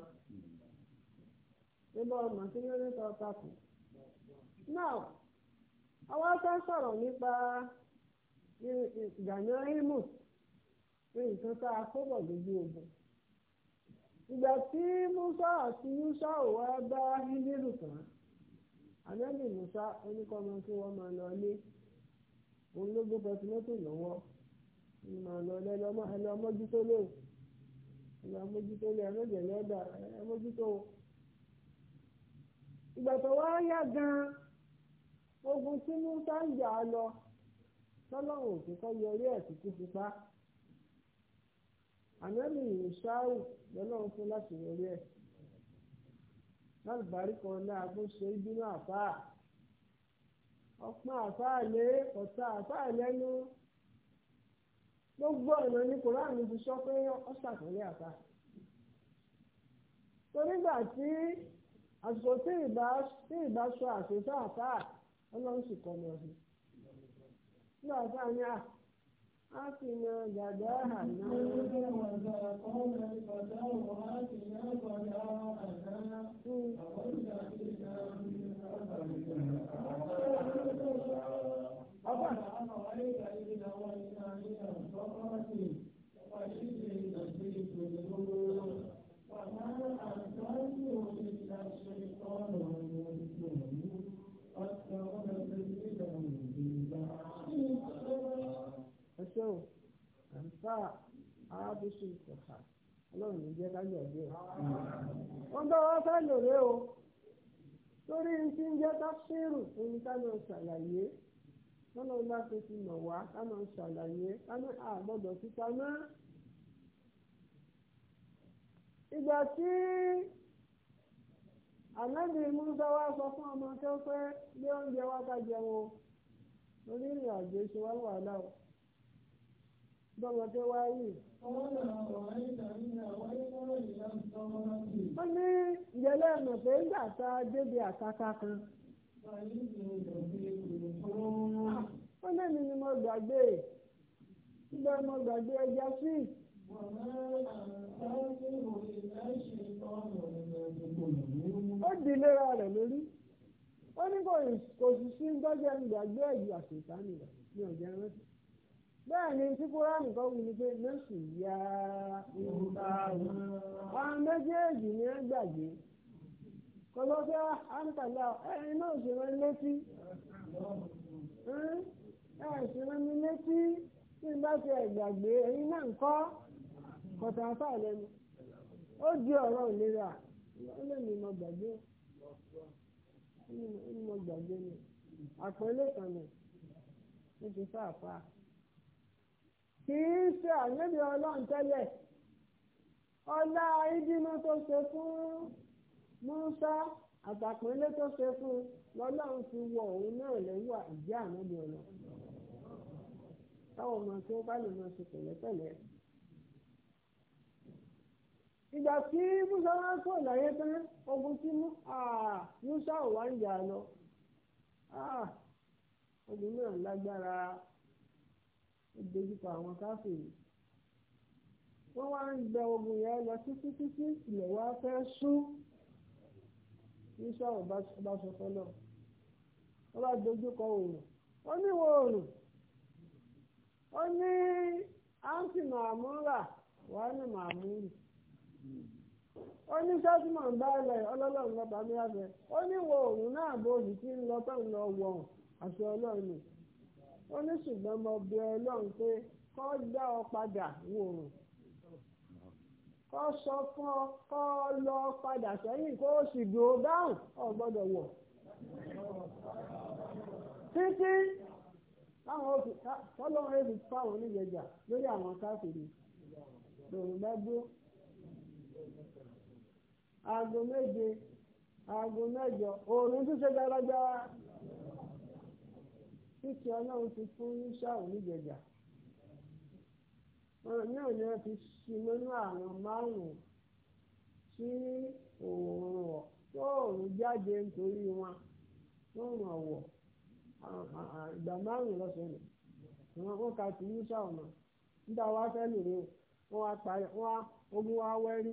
tí takò náà sọ̀rọ̀ nípa ìmù nǹkan a kó bọ̀ lójú ìgbà tí musa àti yusa ò wá bá hídírù tán anábì musa oníkọ́mọ kí wọ́n máa lọ ilé òun ló gbé pẹtulẹ́tì lọ́wọ́ ní máa lọ ẹlọ́mọ ẹlọ́mọjútó lé ẹlọ́mọjútó lé ẹlọ́jẹ̀ lọ́dà ẹlọ́mọjútó ìgbà tó wá yá gan-an ogun tí musa ń jà lọ tọ́lọ́run òfin kọ́ yọrí ẹ̀ sí kú fipá. ànábì ìṣáù lọ́lọ́run fún láti yọrí ẹ̀ lálùbárí kan náà bó ṣe àfáà ọpọ́n àfáà lé ọ̀tá àfáà lẹ́nu gbogbo ọ̀nà ní kòránù ti sọ pé ó ṣàkọlé àfáà torí gbà tí àsìkò tí sọ àfáà ọlọ́run sì kọ́ nígbà آتنا غداها نعم baa arábùsù ọha ọlọ́run ní jẹ́ ká gbàgbé o. wọ́n bá o torí ti ń jẹ́ táṣírù fún ká ṣàlàyé lọ́nà bá nọ ti mọ̀ wá ká ṣàlàyé ká ní àgbọ̀dọ̀ fún ọmọ oúnjẹ ká jẹun o ìrìn bọ́mọ tó wá rí. wọ́n ní ìyẹlẹ́ ẹ̀mọ̀ pé nígbà tá a débi àkàkà kan. wọ́n lẹ́nu ni mo gbàgbé nígbà mo gbàgbé ẹja sí. ó di ìlera rẹ̀ lórí ó ní kò sì sí gbọ́jẹ́ ń gbàgbé ẹ̀jẹ̀ àṣetánì ní ọ̀jẹ̀ rántí. bẹ́ẹ̀ ni tí kan wù ní pé lóṣù yá ìgbà wọn méjèèjì ni ẹ gbàgbé kọlọ́fẹ́ àǹtàlá ẹni náà ṣe wọn létí ẹ ṣe wọn ní létí tí n bá ṣe ẹ̀gbàgbé náà ń kọ́ ó di ọ̀rọ̀ ní mo gbàgbé ní mo gbàgbé ni àpẹẹlẹ kì í ṣe ànábì ọlọ́run tẹ́lẹ̀ ọlá ìdínà tó ṣe fún Musa àtàpínlé tó ṣe fún lọ́lọ́run ti wọ òun náà lẹ́wọ́ ìjẹ́ ànábì ọlọ́run táwọn ọmọ tí ma bá lè máa ṣe pẹ̀lẹ́pẹ̀lẹ́. ìgbà tí Musa wá kó ìlàyé tán Musa ò wá ń lọ ogun náà ìdojúkọ àwọn káfíìnì wọ́n wá ń gbẹ ogun yẹn lọ títí títí ilẹ̀ wá fẹ́ sún ní sọ̀rọ̀ bá sọ fọlọ́ wọ́n bá dojúkọ òòrùn ó ní ìwọ òòrùn ó ní áńtì màmúrà wàá ní màmúrì ó ní sátìmọ̀ ń bá ẹlẹ̀ ọlọ́lọ́run lọ́ba mi lábẹ́ ó ní ìwọ òòrùn náà bó òòrùn tí ń lọ tó ń lọ wọ̀n àti ọlọ́run nìkan ó ní ṣùgbọ́n mo bẹ ọlọ́run pé kó dá ọ padà wòrùn kó sọ fún ọ kó lọ padà sẹ́yìn kó o sì dùn ó dáhùn ọ gbọ́dọ̀ wọ̀ títí táwọn òfin tọ́lọ́run èsì fáwọn oníjẹjà lórí àwọn káfíìrì lòun lẹ́gbó aago méje aago mẹ́jọ oòrùn tún ṣe gbàgbàgbà. títí ọlọ́run ti fún yíṣàwó nígbèjà ọ̀rọ̀ náà ni wọ́n ti ṣí mọ́nú àwọn márùn-ún tí òòrùn ọ̀ tó òòrùn jáde nítorí wọn lóòrùn ọ̀wọ̀ ìgbà márùn-ún lọ́sọ̀rọ̀ àwọn wọn kà sí yíṣàwó náà nígbà wá fẹ́ lòrè o wọn wá parí wọn ogun wá wẹ́rí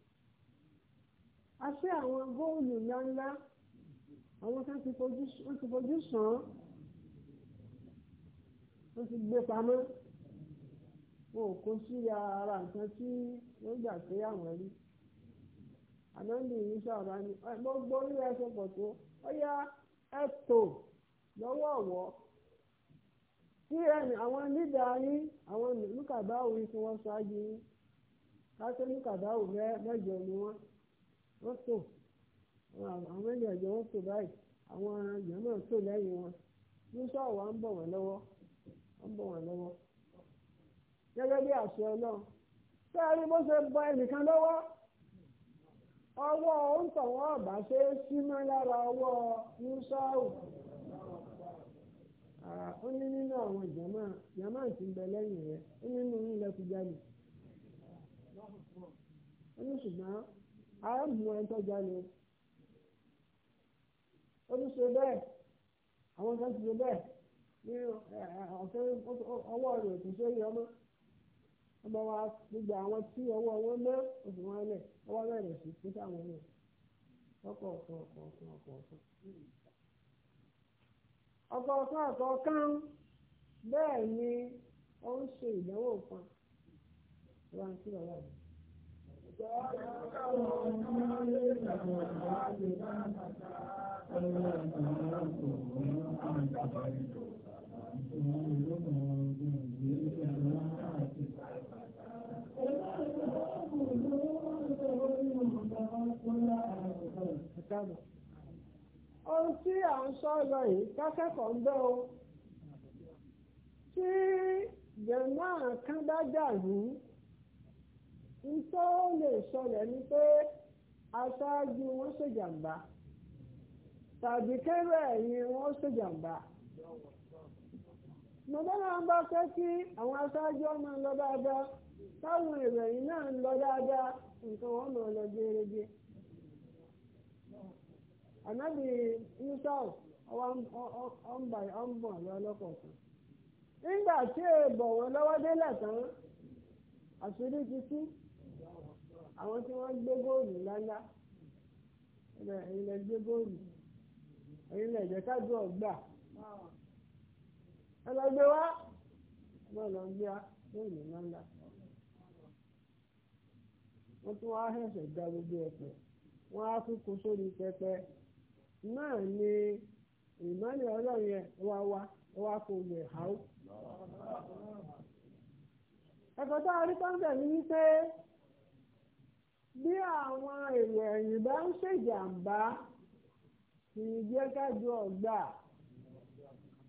a pé àwọn góòlù ńláńlá àwọn kan ti fojú sàn án ti gbé pamọ́ wọn ò kó sí ara nǹkan tí wọ́n gbà pé àwọn rí ni gbogbo orí ẹsẹ̀ pọ̀ tó ó yá ẹ̀tọ́ lọ́wọ́ ọ̀wọ́ tí àwọn yín àwọn yìí wọ́n tò àwọn ẹlẹ́jọ́ wọ́n awọn báyìí àwọn náà lẹ́yìn wọn musa wa ń bọ̀ wọ́n lọ́wọ́ ń bọ̀ wọ́n lọ́wọ́ gẹ́gẹ́ bí àṣẹ bó ṣe bọ ẹnìkan lọ́wọ́ ọwọ́ òǹtọ̀wọ́ ọ̀bà ṣe é símọ́ lára ọwọ́ musa ó ní nínú àmú ẹni tó jáde ṣe bẹ́ẹ̀ àwọn kan ti ṣe bẹ́ẹ̀ ní ọ̀sẹ̀ ọwọ́ rẹ̀ kò ṣe yọ mọ́ ọmọ wa gbogbo àwọn tí ọwọ́ wọn mọ́ oṣù wọn lẹ̀ ọwọ́ bẹ̀rẹ̀ sí pé ọkọ̀ ni ó ń ṣe ìdánwò Ohun tí à ń sọ lọ yìí kákẹ́kọ̀ọ́ ń bẹ́ o. Tí jẹ̀mọ́ kan bá dàrú nǹkan ó lè ṣọlẹ̀ ni pé aṣáájú wọn ṣèjàmbá tàbí kẹ́rọ ẹ̀yìn wọn ṣèjàmbá mọ̀dánà ń bá fẹ́ kí àwọn aṣáájú ọmọ lọ dáadáa táwọn ìròyìn náà ń lọ dáadáa nǹkan wọn lọ lọ gẹ́gẹ́ ànábì àwọn tí wọ́n gbé góòlù lálá ẹ̀yin lẹ gbé góòlù jẹ́ kájú ọ̀gbà ẹ lọ gbé wá bọ́ọ̀ lọ gbé wá góòlù lálá wọ́n tún wá gba gbogbo ẹ̀pẹ̀ wọ́n á sórí pẹpẹ náà ni ìmọ̀lẹ̀ ọlọ́run yẹn wá wá wá kó lè ẹ̀kọ́ tó a rí bí àwọn èrò ẹ̀yìn bá ń ṣèjàǹbá kì í jẹ́ kájú ọ̀gbà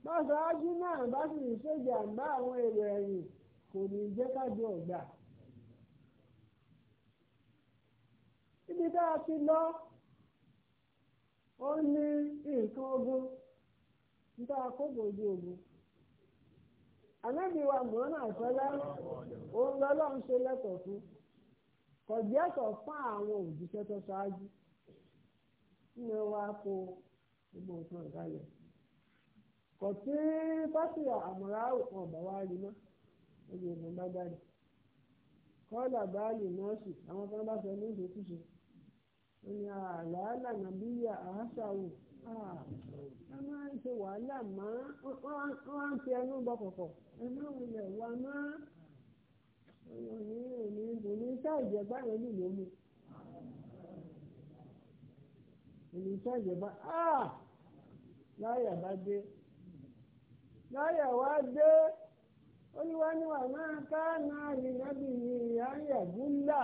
bọ́sàájú náà bá sì ń ṣèjàǹbá àwọn èrò ẹ̀yìn kò ní í jẹ́ kájú ọ̀gbà. níbi tá a ti lọ ó ní nǹkan ogun níta kókò ojú ogun ànábìwà mọ́nà àfẹ́lẹ́ òun lọ́lọ́run ṣe lẹ́tọ̀ọ́ fún. kò jẹ́tọ̀ fún àwọn òjíṣẹ́ tó ṣáájú nínú wa kó gbogbo nǹkan ìkàlẹ̀ kò tí pásítọ̀ àmọ́ráwò kan ọ̀bà wa rí mọ́ ẹgbẹ́ ìgbọ̀n bá jáde kọ́lá báàlì nọ́ọ̀sì àwọn kan bá ní a máa ń ṣe wàhálà ń ẹ òní òní òní iṣẹ́ ìjẹ̀bá láyà bá dé láyà wá dé olúwa ni wà máa ká náà rí nábì ní ìyáyà gúlà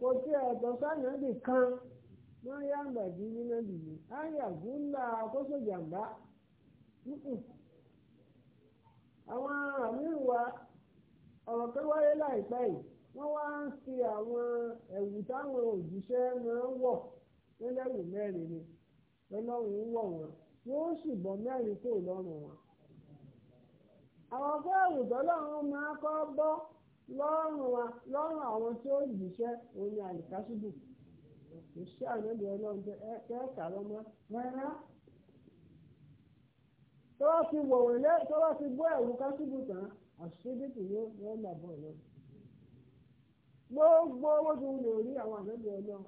kò tí ẹ̀tọ́ sáyẹ́ǹdì kan wọ́n yá ń bàjí ní nábì gúlà àwọn àmì wa ọ̀rọ̀ tó wáyé láìpẹ́ yìí wọ́n wá ń fi àwọn ẹ̀wù táwọn òjíṣẹ́ máa ń wọ̀ lẹ́lẹ́wù mẹ́rin ni lọ́lọ́run ń wọ̀ wọ́n sì bọ̀ mẹ́rin kó lọ́rùn wọn. àwọn fẹ́ẹ̀wù tọ́lọ́run máa kọ́ bọ́ lọ́rùn àwọn tí ó jíṣẹ́ òun ni àyíkáṣíbù kò fi wọ̀ tọ́wọ́ àṣírídìtì yóò yóò là bọ̀ lọ. gbogbo owó tó ń lò rí àwọn àtẹ́bí ẹ̀ náà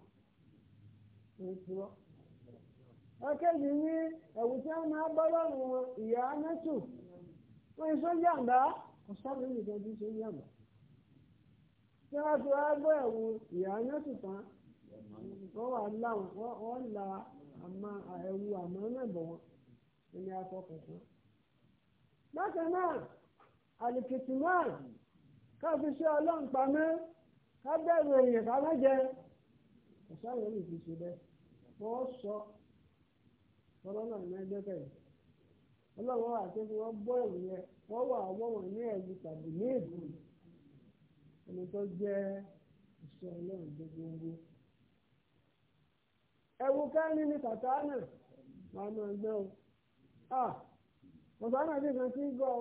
ń tiwọ́. ẹ̀kẹ́jì ní tí máa bọ́ lọ́rùn wọn ìyá nẹ́tù wọ́n iṣẹ́ yàǹdá kò sábà ní ìtọ́jú tí iṣẹ́ yàǹdá. tí wọ́n wá ẹ̀wù ìyá nẹ́tù tán wọ́n wà láwọn wọ́n la ẹ̀wù alikitimaasi ká fi ṣe ọlọ́run pamọ́ ká bẹ̀rù èèyàn ká má jẹ ìṣàwọn olùdíje bẹ́ẹ̀ wọ́n sọ ọlọ́run náà ní ẹgbẹ́ bẹ́ẹ̀ ọlọ́run wà tó fi wọ́n bọ́ ẹ̀rù yẹn wọ́n wà wọ́n ní ẹ̀rù tàbí ní èdè ẹni tó jẹ́ ìṣẹ́ ọlọ́run gbogbo ẹ̀wù kẹ́rin gbẹ́ o ah! sí gbọ́ o.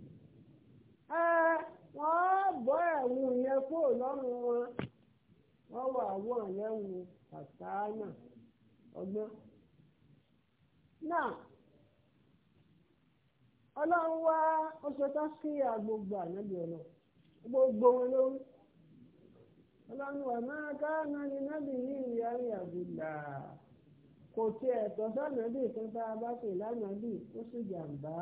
Ah, wọ́n bọ́ ẹ̀wù yẹn lọ́rùn wọn wọ́n wà wọ́n lẹ́wù àtàánà ọgbọ́n. náà ọlọ́run wá oṣù tó kí àgbogbo ànábì ọ̀nà gbogbo wọn lórí ọlọ́run wà máa káàánú ní nábì ní ìyárí àbúlà kò tiẹ̀ tọ́sọ́nà bíi kan tá a bá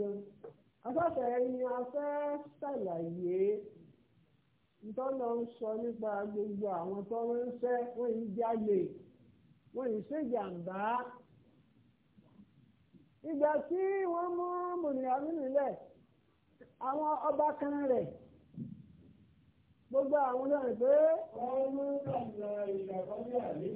ṣeun afẹ́fẹ́ ẹni a ṣàlàyé ntọ́nà ń sọ nípa gbogbo àwọn tọ́wọ́ ń fẹ́ wọ́n ń jalè wọ́n ń ṣèjàǹbá ìgbà tí wọ́n mú mùnìyàn nílẹ̀ àwọn ọba kan rẹ̀. gbogbo àwọn náà pé gbogbo àwọn a ni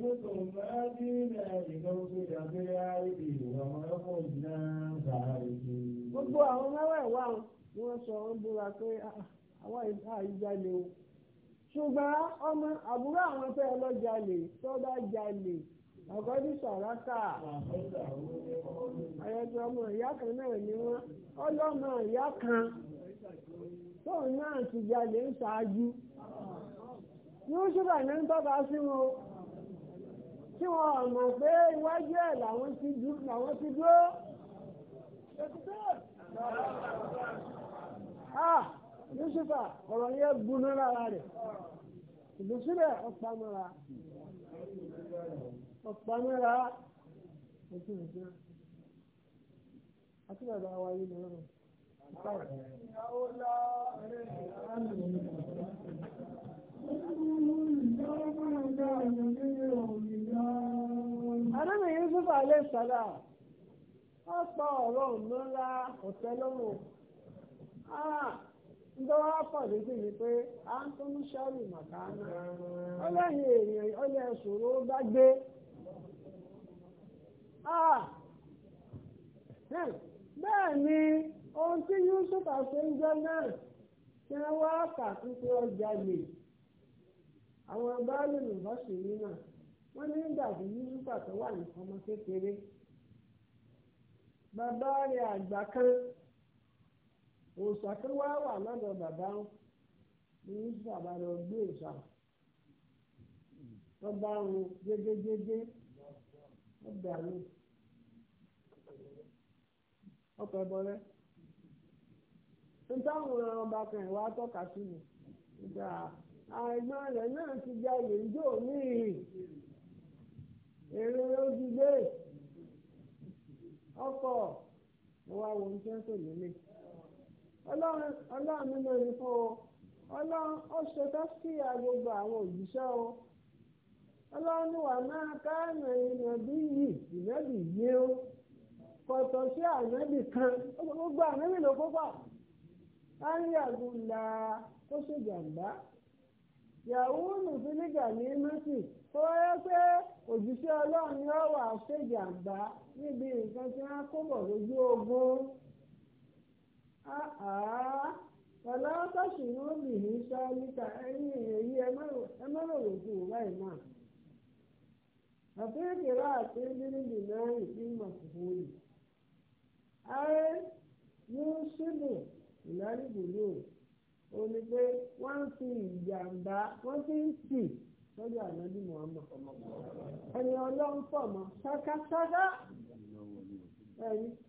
wọ́n sọ wọ́n búra pé ah, ah, àwọn àìjalè o ṣùgbọ́n ọmọ àbúrò àwọn àkọ́jú sàràkà àyẹ̀tọ̀ ọmọ ìyá kan náà ni wọ́n ọlọ́mọ kan. tóun náà ti jalè ń ṣáájú ní ṣúgbà ní ń tọ́ka sí wọn tí wọn mọ̀ pé iwájú ẹ̀ làwọn ti dúró Yusufa ọ̀rọ̀ yẹ gbóná lára rẹ̀. Ìgbésílẹ̀ ọ̀pamọ́ra. Ọ̀pamọ́ra. Àti bàbá lọ́rùn. Àdébì Yusuf Alé Sàlá, ó pa ọ̀rọ̀ ńlá ọ̀tẹ́ lọ́rùn. Ndọ́wọ́ pàdé sí ni pé a ń tún ṣẹ́rù màkánà. Ó lẹ́yìn èèyàn ó ṣòro bá gbé. Bẹ́ẹ̀ ni. ohun tí Yusuf àti ìjọ náà tí wọ́n wá kà ọjà lè àwọn báàlù nìbọ̀sì yìí náà wọ́n ní dàbí Yusuf àti wà ní ọmọ kékeré bàbá rẹ̀ àgbà kan wá wà lọ́dọ̀ bàbá wọn ní Yusuf ń táwọn ọba kan ìwà tọ́ka sí mi ìgbà àìgbọ́n rẹ̀ náà ti gba ìyèjò míì èrè ojúgbé ọkọ̀ ìwà wo ń tẹ́ pè nílé ọlọ́run nínú ẹni fún ọ ọlọ́run ó ṣe tásíà gbogbo àwọn òjíṣẹ́ o ọlọ́run ní wà máa káàmì ìnàbí yìí ìnàbí yìí ó kọ̀tọ̀ sí ànábì kan gbogbo ànábì ló kópa. áríyàgùnlá tó ṣe jàǹbá yàwúùnù fílígà ní mẹ́sì tó yẹ pé òjíṣẹ́ ọlọ́run yóò wà ṣe jàǹbá níbi nǹkan tí wọ́n kó bọ̀ lójú ogun. Bàbá Sọ́ọ̀ṣì ló bì ní Sọ́ọ́lítà ẹ̀yìn èyí ẹ má rò wò náà. Àfíìkì rà àti bíríbì náà yìí. yóò ìlàríbùlù ò ní pé wọ́n fi ìjàmbá wọ́n ti ń sì lọ́jọ́ ànábì Muhammad ẹni ọlọ́run pọ̀ mọ́ ṣákáṣáká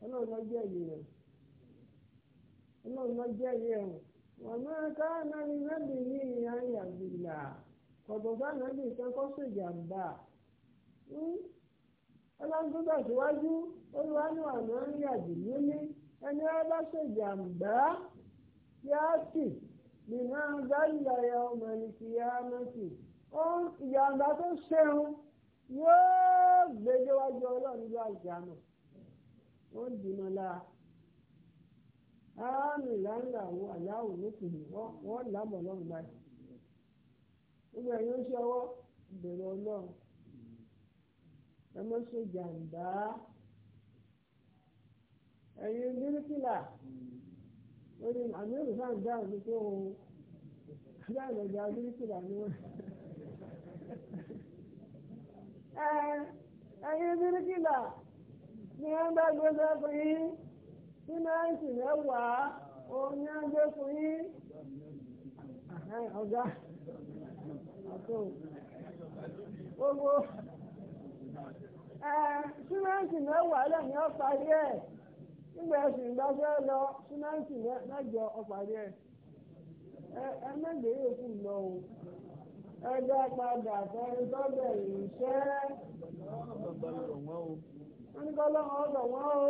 ẹni ọlọ́run lọ jẹ́ ìyẹn rẹ̀ ọlọ́run lọ jẹ́ ìyẹn rẹ̀ wọ́n máa ká náírà nábì ní ìyáyà gbìyà kan kọ́ sí ìjàmbá ọlọ́run tó ń ẹni wọn bá ṣèjàmbá yáàtì nìmọ̀ gbàlùyà ya ọmọ ẹni kì í rámọ́tì ìjàmbá tó ṣeun yóò gbẹdẹwájú ọlọ́run nígbà ìjàmọ̀ ó ń dìmọ̀ lára àmì ìlànà àwọn àyáwò nítorí wọ́n lámọ̀ lọ́run báyìí gbogbo ẹ̀yin ó ṣọwọ́ ìbẹ̀rẹ̀ ọlọ́run ẹ mọ́ ṣèjàmbá. ẹ̀yin bíríkìlà ó ní àmírù sáà dáhùn sí pé òun dáhùn ọjà bíríkìlà ni wọ́n. ẹ̀yin bíríkìlà ni wọ́n bá nígbà ẹ̀sìn ìgbà fẹ́ lọ sínáìtì mẹ́jọ ọ̀pàdé ẹ mẹ́jọ yóò kù lọ o ẹ padà fẹ́ni tọ́bẹ̀ ìṣẹ́ wọ́n ní kọ́ lọ́wọ́ ọ̀dọ̀ wọ́n o.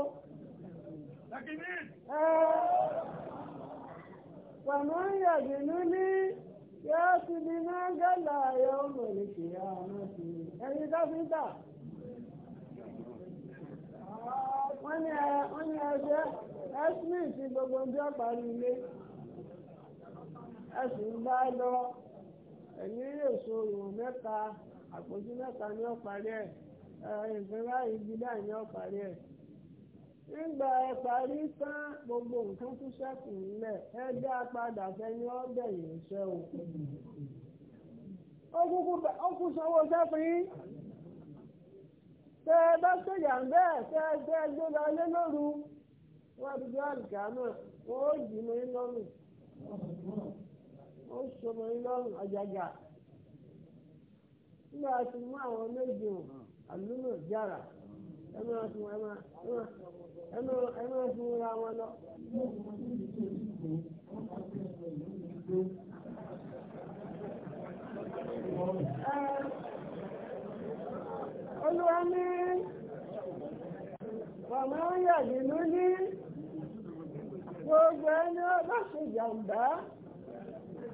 Pàmò ń ní yóò ti di wọ́n ní ẹgbẹ́ esmin ti gbogbo ń jẹ́ parí ilé ẹ̀sìn bá lọ ẹ̀yìn èso ìwọ̀n mẹ́ta àpòjú mẹ́ta ní ọ̀parí ẹ̀ ẹ̀ǹkan láì bí láì ní nígbà ẹ parí tán gbogbo nǹkan tún ṣẹ́kù nílẹ̀ ẹ dá padà sẹ́yìn ọ̀bẹ̀yìn iṣẹ́ o ó kúkú sẹ́fìn tẹ́ ẹ a ṣèyà bẹ́ẹ̀ tẹ́ lóru wọ́n á dúdú àlùkà náà wọ́n ó jì mọ́ yín lọ́rùn ó mọ́ yín lọ́rùn àjàgà nígbà tí mú àwọn hàn àlùmọ̀ jára ẹ máa fún ẹ máa ẹ máa ẹ máa fún ra wọn lọ. Thank you. قالوا أمين وما يظلمني gbogbo ẹni ọba ṣe jàǹbá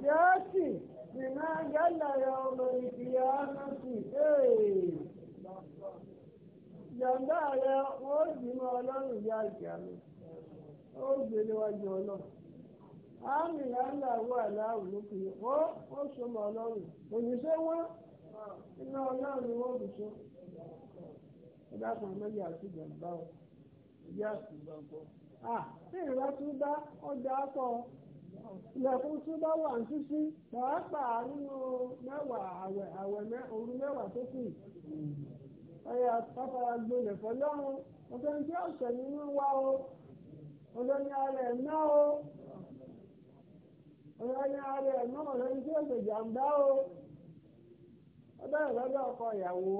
yóò máa yálàyà ọmọ ìfìyà ọmọ sí rẹ wọ́n sì mọ ọlọ́run yá ìjà mi ó gbé níwájú ọlọ́run àmì làálà wà láàrú lókè ó ó ọlọ́run òyìnbó wọn iná ọlọ́run ìdákan mẹ́jọ àti ìjàmbá o ìyá àtúbà ń kọ́. ṣé ìwà túbá ọjà pọ̀ ilẹ̀kùn túbá wà ń títí pàápàá nínú mẹ́wàá àwẹ̀ àwẹ̀ òru mẹ́wàá tó kù ẹ̀yà pápára gbolẹ̀ fọlọ́run ọ̀sẹ̀ tí ọ̀sẹ̀ nínú wa o ọlọ́ni ara ẹ̀ ná o ọlọ́ni ara ẹ̀ ná ọ̀sẹ̀ tí ọ̀sẹ̀ jàǹbá o ọbẹ̀ ìrọ́lẹ́ ọkọ ìyàwó.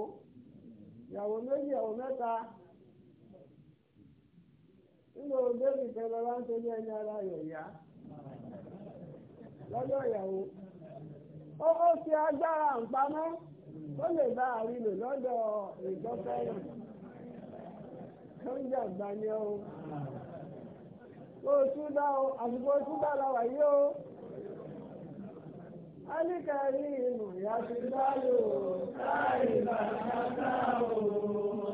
yàwó méjì ìyàwó mẹ́ta nínú bébì kẹlẹ wá ń ẹni ara yọ̀yà lọ́jọ́ ìyàwó ó ó ṣe agbára ìpamọ́ ó lè bá àrìlò lọ́dọ̀ ìgbọ́fẹ́ràn tó ń jàgbá ni ó kó o tún dá o alikari ìmọ̀ yàtí láyò láì bàtà sáwò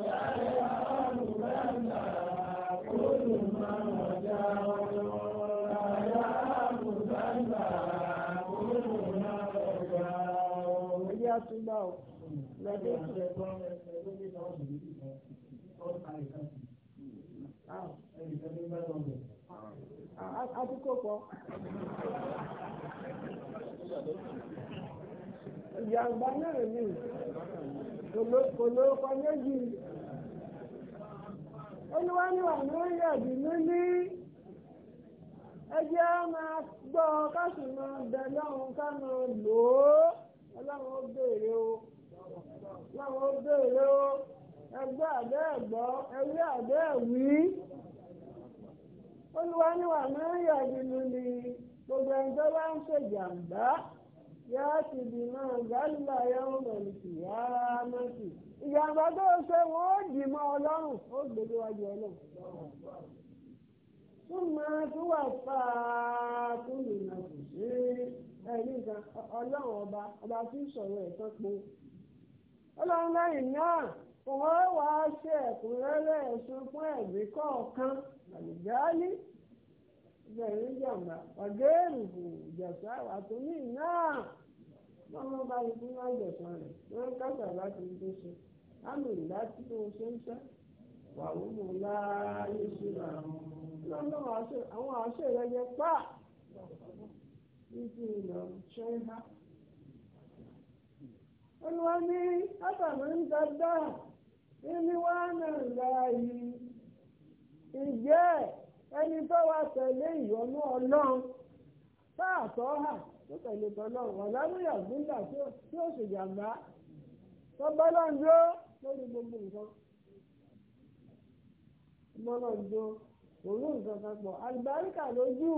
láì àwọn bàtà kóòtù máa wọ̀ já ọ̀rọ̀ láì àwọn bàtà kóòtù máa wọ̀ já ọ̀rọ̀. ẹ̀yà tún bá o lọ́dún ìṣẹ̀lẹ̀ tó ń bẹ̀rẹ̀ lórí ìdáhùn yìí ọ̀sán ìdáhùn. A ti kó pọ̀. ìjàmbá náà ni kòlókò méjì olúwaníwà lórí ẹ̀bí ló ní ẹjẹ́ máa gbọ́ káṣù máa bẹ̀ lọ́run ọlọ́run ó béèrè o ọlọ́run ó béèrè o ẹgbẹ́ àbẹ́ ẹ̀gbọ́ ẹwí àbẹ́ ẹ̀wí olúwaníwà lórí ẹ̀bí ló ní gbogbo ẹni bá ń ṣèjàmbá yáàtì bímọ gálílà yẹn mọ̀lìkì yàrá mọ̀tì ìjàmbá tó ṣe wọn ó dì mọ́ ọlọ́run ó gbèdé wájú ọlọ́run fún máa tún wà fáa tún lè nà kù sí ẹ̀rí nǹkan ọlọ́run ọba ọba tí ń sọ̀rọ̀ ẹ̀ tán pé ọlọ́run lẹ́yìn náà wọ́n wá ṣe ẹ̀kúnrẹ́rẹ́ ẹ̀sùn fún ẹ̀rí kọ̀ọ̀kan bẹ̀rẹ̀ jàmbá ọ̀gẹ́rùbù jẹ̀sà àtúnmí náà wọ́n mọ́ bá naa, fún lájọ̀sán rẹ̀ wọ́n kásà láti ń tó ṣe àmì ìlà tí tó ṣe ń ṣe wà ó mú láàyè síra àwọn àṣẹ ń bá. ń ẹni tó wá tẹ̀lé ìyọnú ọlọ́run sáàtọ́ hà tó tẹ̀lé tọ́lọ́run ọ̀làmúyà gúndà tí ó sì jàmbá tó bọ́lá ń dúró lórí gbogbo nǹkan bọ́lá ń dúró òun nǹkan kan pọ̀ àlùbáríkà lójú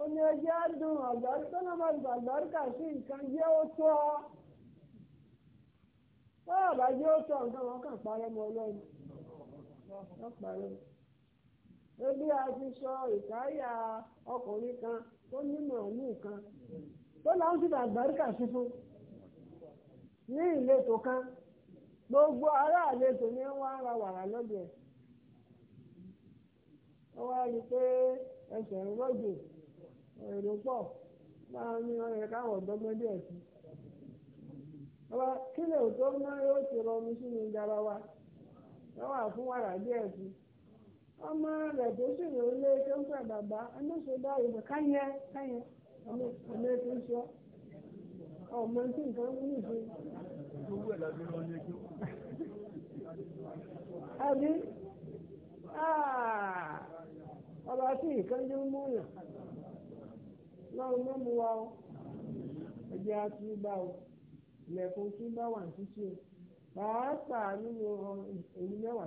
ó ní ẹjẹ́ á dùn àlùbáríkà náà má dùn àlùbáríkà sí nǹkan jẹ́ ó tó ọ báyọ̀ bá jẹ́ ó tó nǹkan wọn kàn parẹ́ mọ́ ọlọ́run ebi a ti sọ ìkáyà ọkùnrin kan tó ní kan tó láwọn ti sí fún ní ìletò kan gbogbo ará àletò ní wọn ara wàrà lọ́dọ̀ ẹ̀ wọ́n wá rí i pé ẹsẹ̀ ń rọ́jò ọba ti sínú wa wọ́n wà fún wàrà díẹ̀ ọmọ rẹ̀ tó sì rò lé tó ń pè bàbá ẹlẹ́sìn bá ìbò káyẹ káyẹ ọmọ ètò ìṣọ ọmọ tí nǹkan ń yìí ṣe. àbí ọba tí nǹkan ló ń mú yàn lọ́run mọ́ mu wa o ẹ̀jẹ̀ àtúbà o ilẹ̀kùn tí bá wà títí pàápàá nínú èyí mẹ́wàá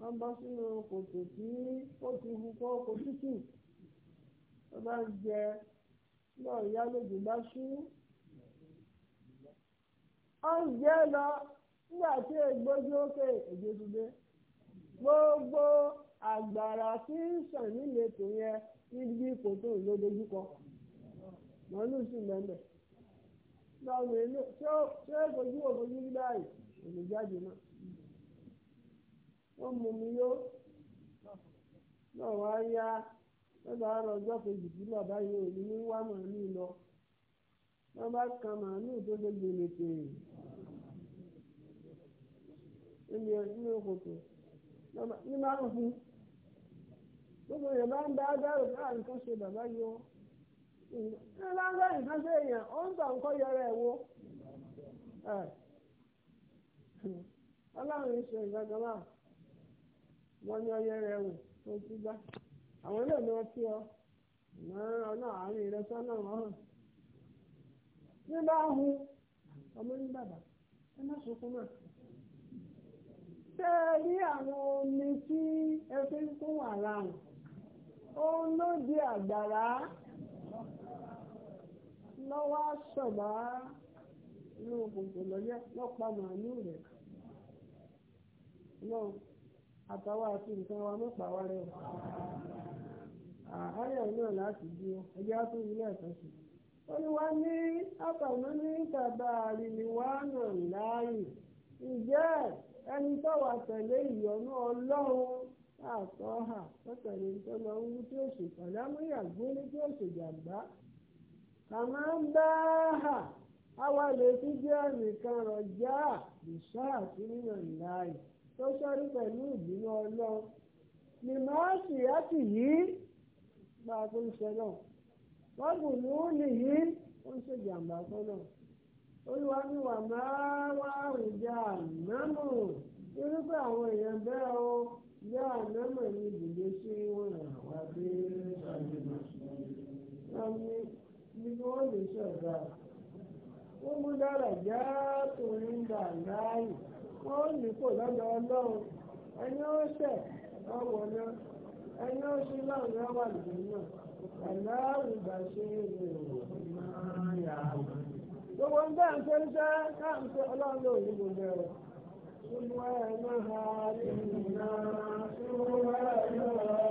wọ́n bọ́ sínú kòtò tí ó ti hu kọ́ oko tútù wọ́n bá ń jẹ náà ìyá lójú bá ṣú. ó ń jẹ́ lọ nígbà tí ègbójú òkè èjòdúdé gbogbo àgbàrá tí ń sàn nílé tó yẹ níbi kòtò ló dojúkọ mọ́lú sì lẹ́mẹ̀ lọ́wọ́ èlò tí ó fojú òfojú rí báyìí òní jáde náà. ó mú mi yó náà wá yá lọ́dọ̀ àárọ̀ ọjọ́ kejì tí bàbá yìí ò ní ní wá màálù lọ wọ́n bá kan màálù tó ṣe gbèrè tèrè níbi ìlú òkòtò ní márùn-ún wọ́n ní ọyẹ́ rẹ tó ti gbá àwọn ilé mi ọtí ọ ìmọ̀ràn ọ̀nà náà wọ́n ọ̀hún ní bá hu ọmọ ní bàbá ẹ má sunkún náà tẹ́ ẹ rí àwọn omi tí ẹ fi ń kún àtàwọn àti nǹkan wa mọ́pà wa rẹ̀ àárẹ̀ náà láti bí ó ẹjẹ́ á tún ilé ẹ̀sán sí. olúwa ní àtàwọn ní tàbá àrìnìwánà láàyè ǹjẹ́ ẹni tó wà tẹ̀lé ìyọ́nú ọlọ́run àtọ́hà tọ́tẹ̀lé tó lọ ń wú tí ó sì pàdámúyà gbélé tí ó sì jàgbá kàmá ń bá hà àwa lè fi jẹ́ ẹnìkan rọ̀ já ìṣáàtì nínú ìlà yìí. tó sọ́rí pẹ̀lú ìbínú ọlọ́run ni mọ́ọ̀sì láti yí gba tó ń náà wọ́n ní ó lè yí ó ń ṣèjàmbá sọ́nà olúwa ní wà máa wá àrùjá ànámọ̀ irúfẹ́ àwọn èèyàn bẹ́ẹ̀ o ànámọ̀ ní ibùdó sí wọn dé wọ́n ó nípò lọ́dọ̀ ọlọ́run ẹni ó ṣẹ̀ ọwọ́ náà ẹni ó ṣí lọ́run náà wà lùdí náà aláàrùn ìgbà ṣe é gbogbo ń bá ń pẹ́ ṣá ọlọ́run ló ní gbogbo ẹ̀rọ. Olúwa ẹ̀ ẹ̀ náà.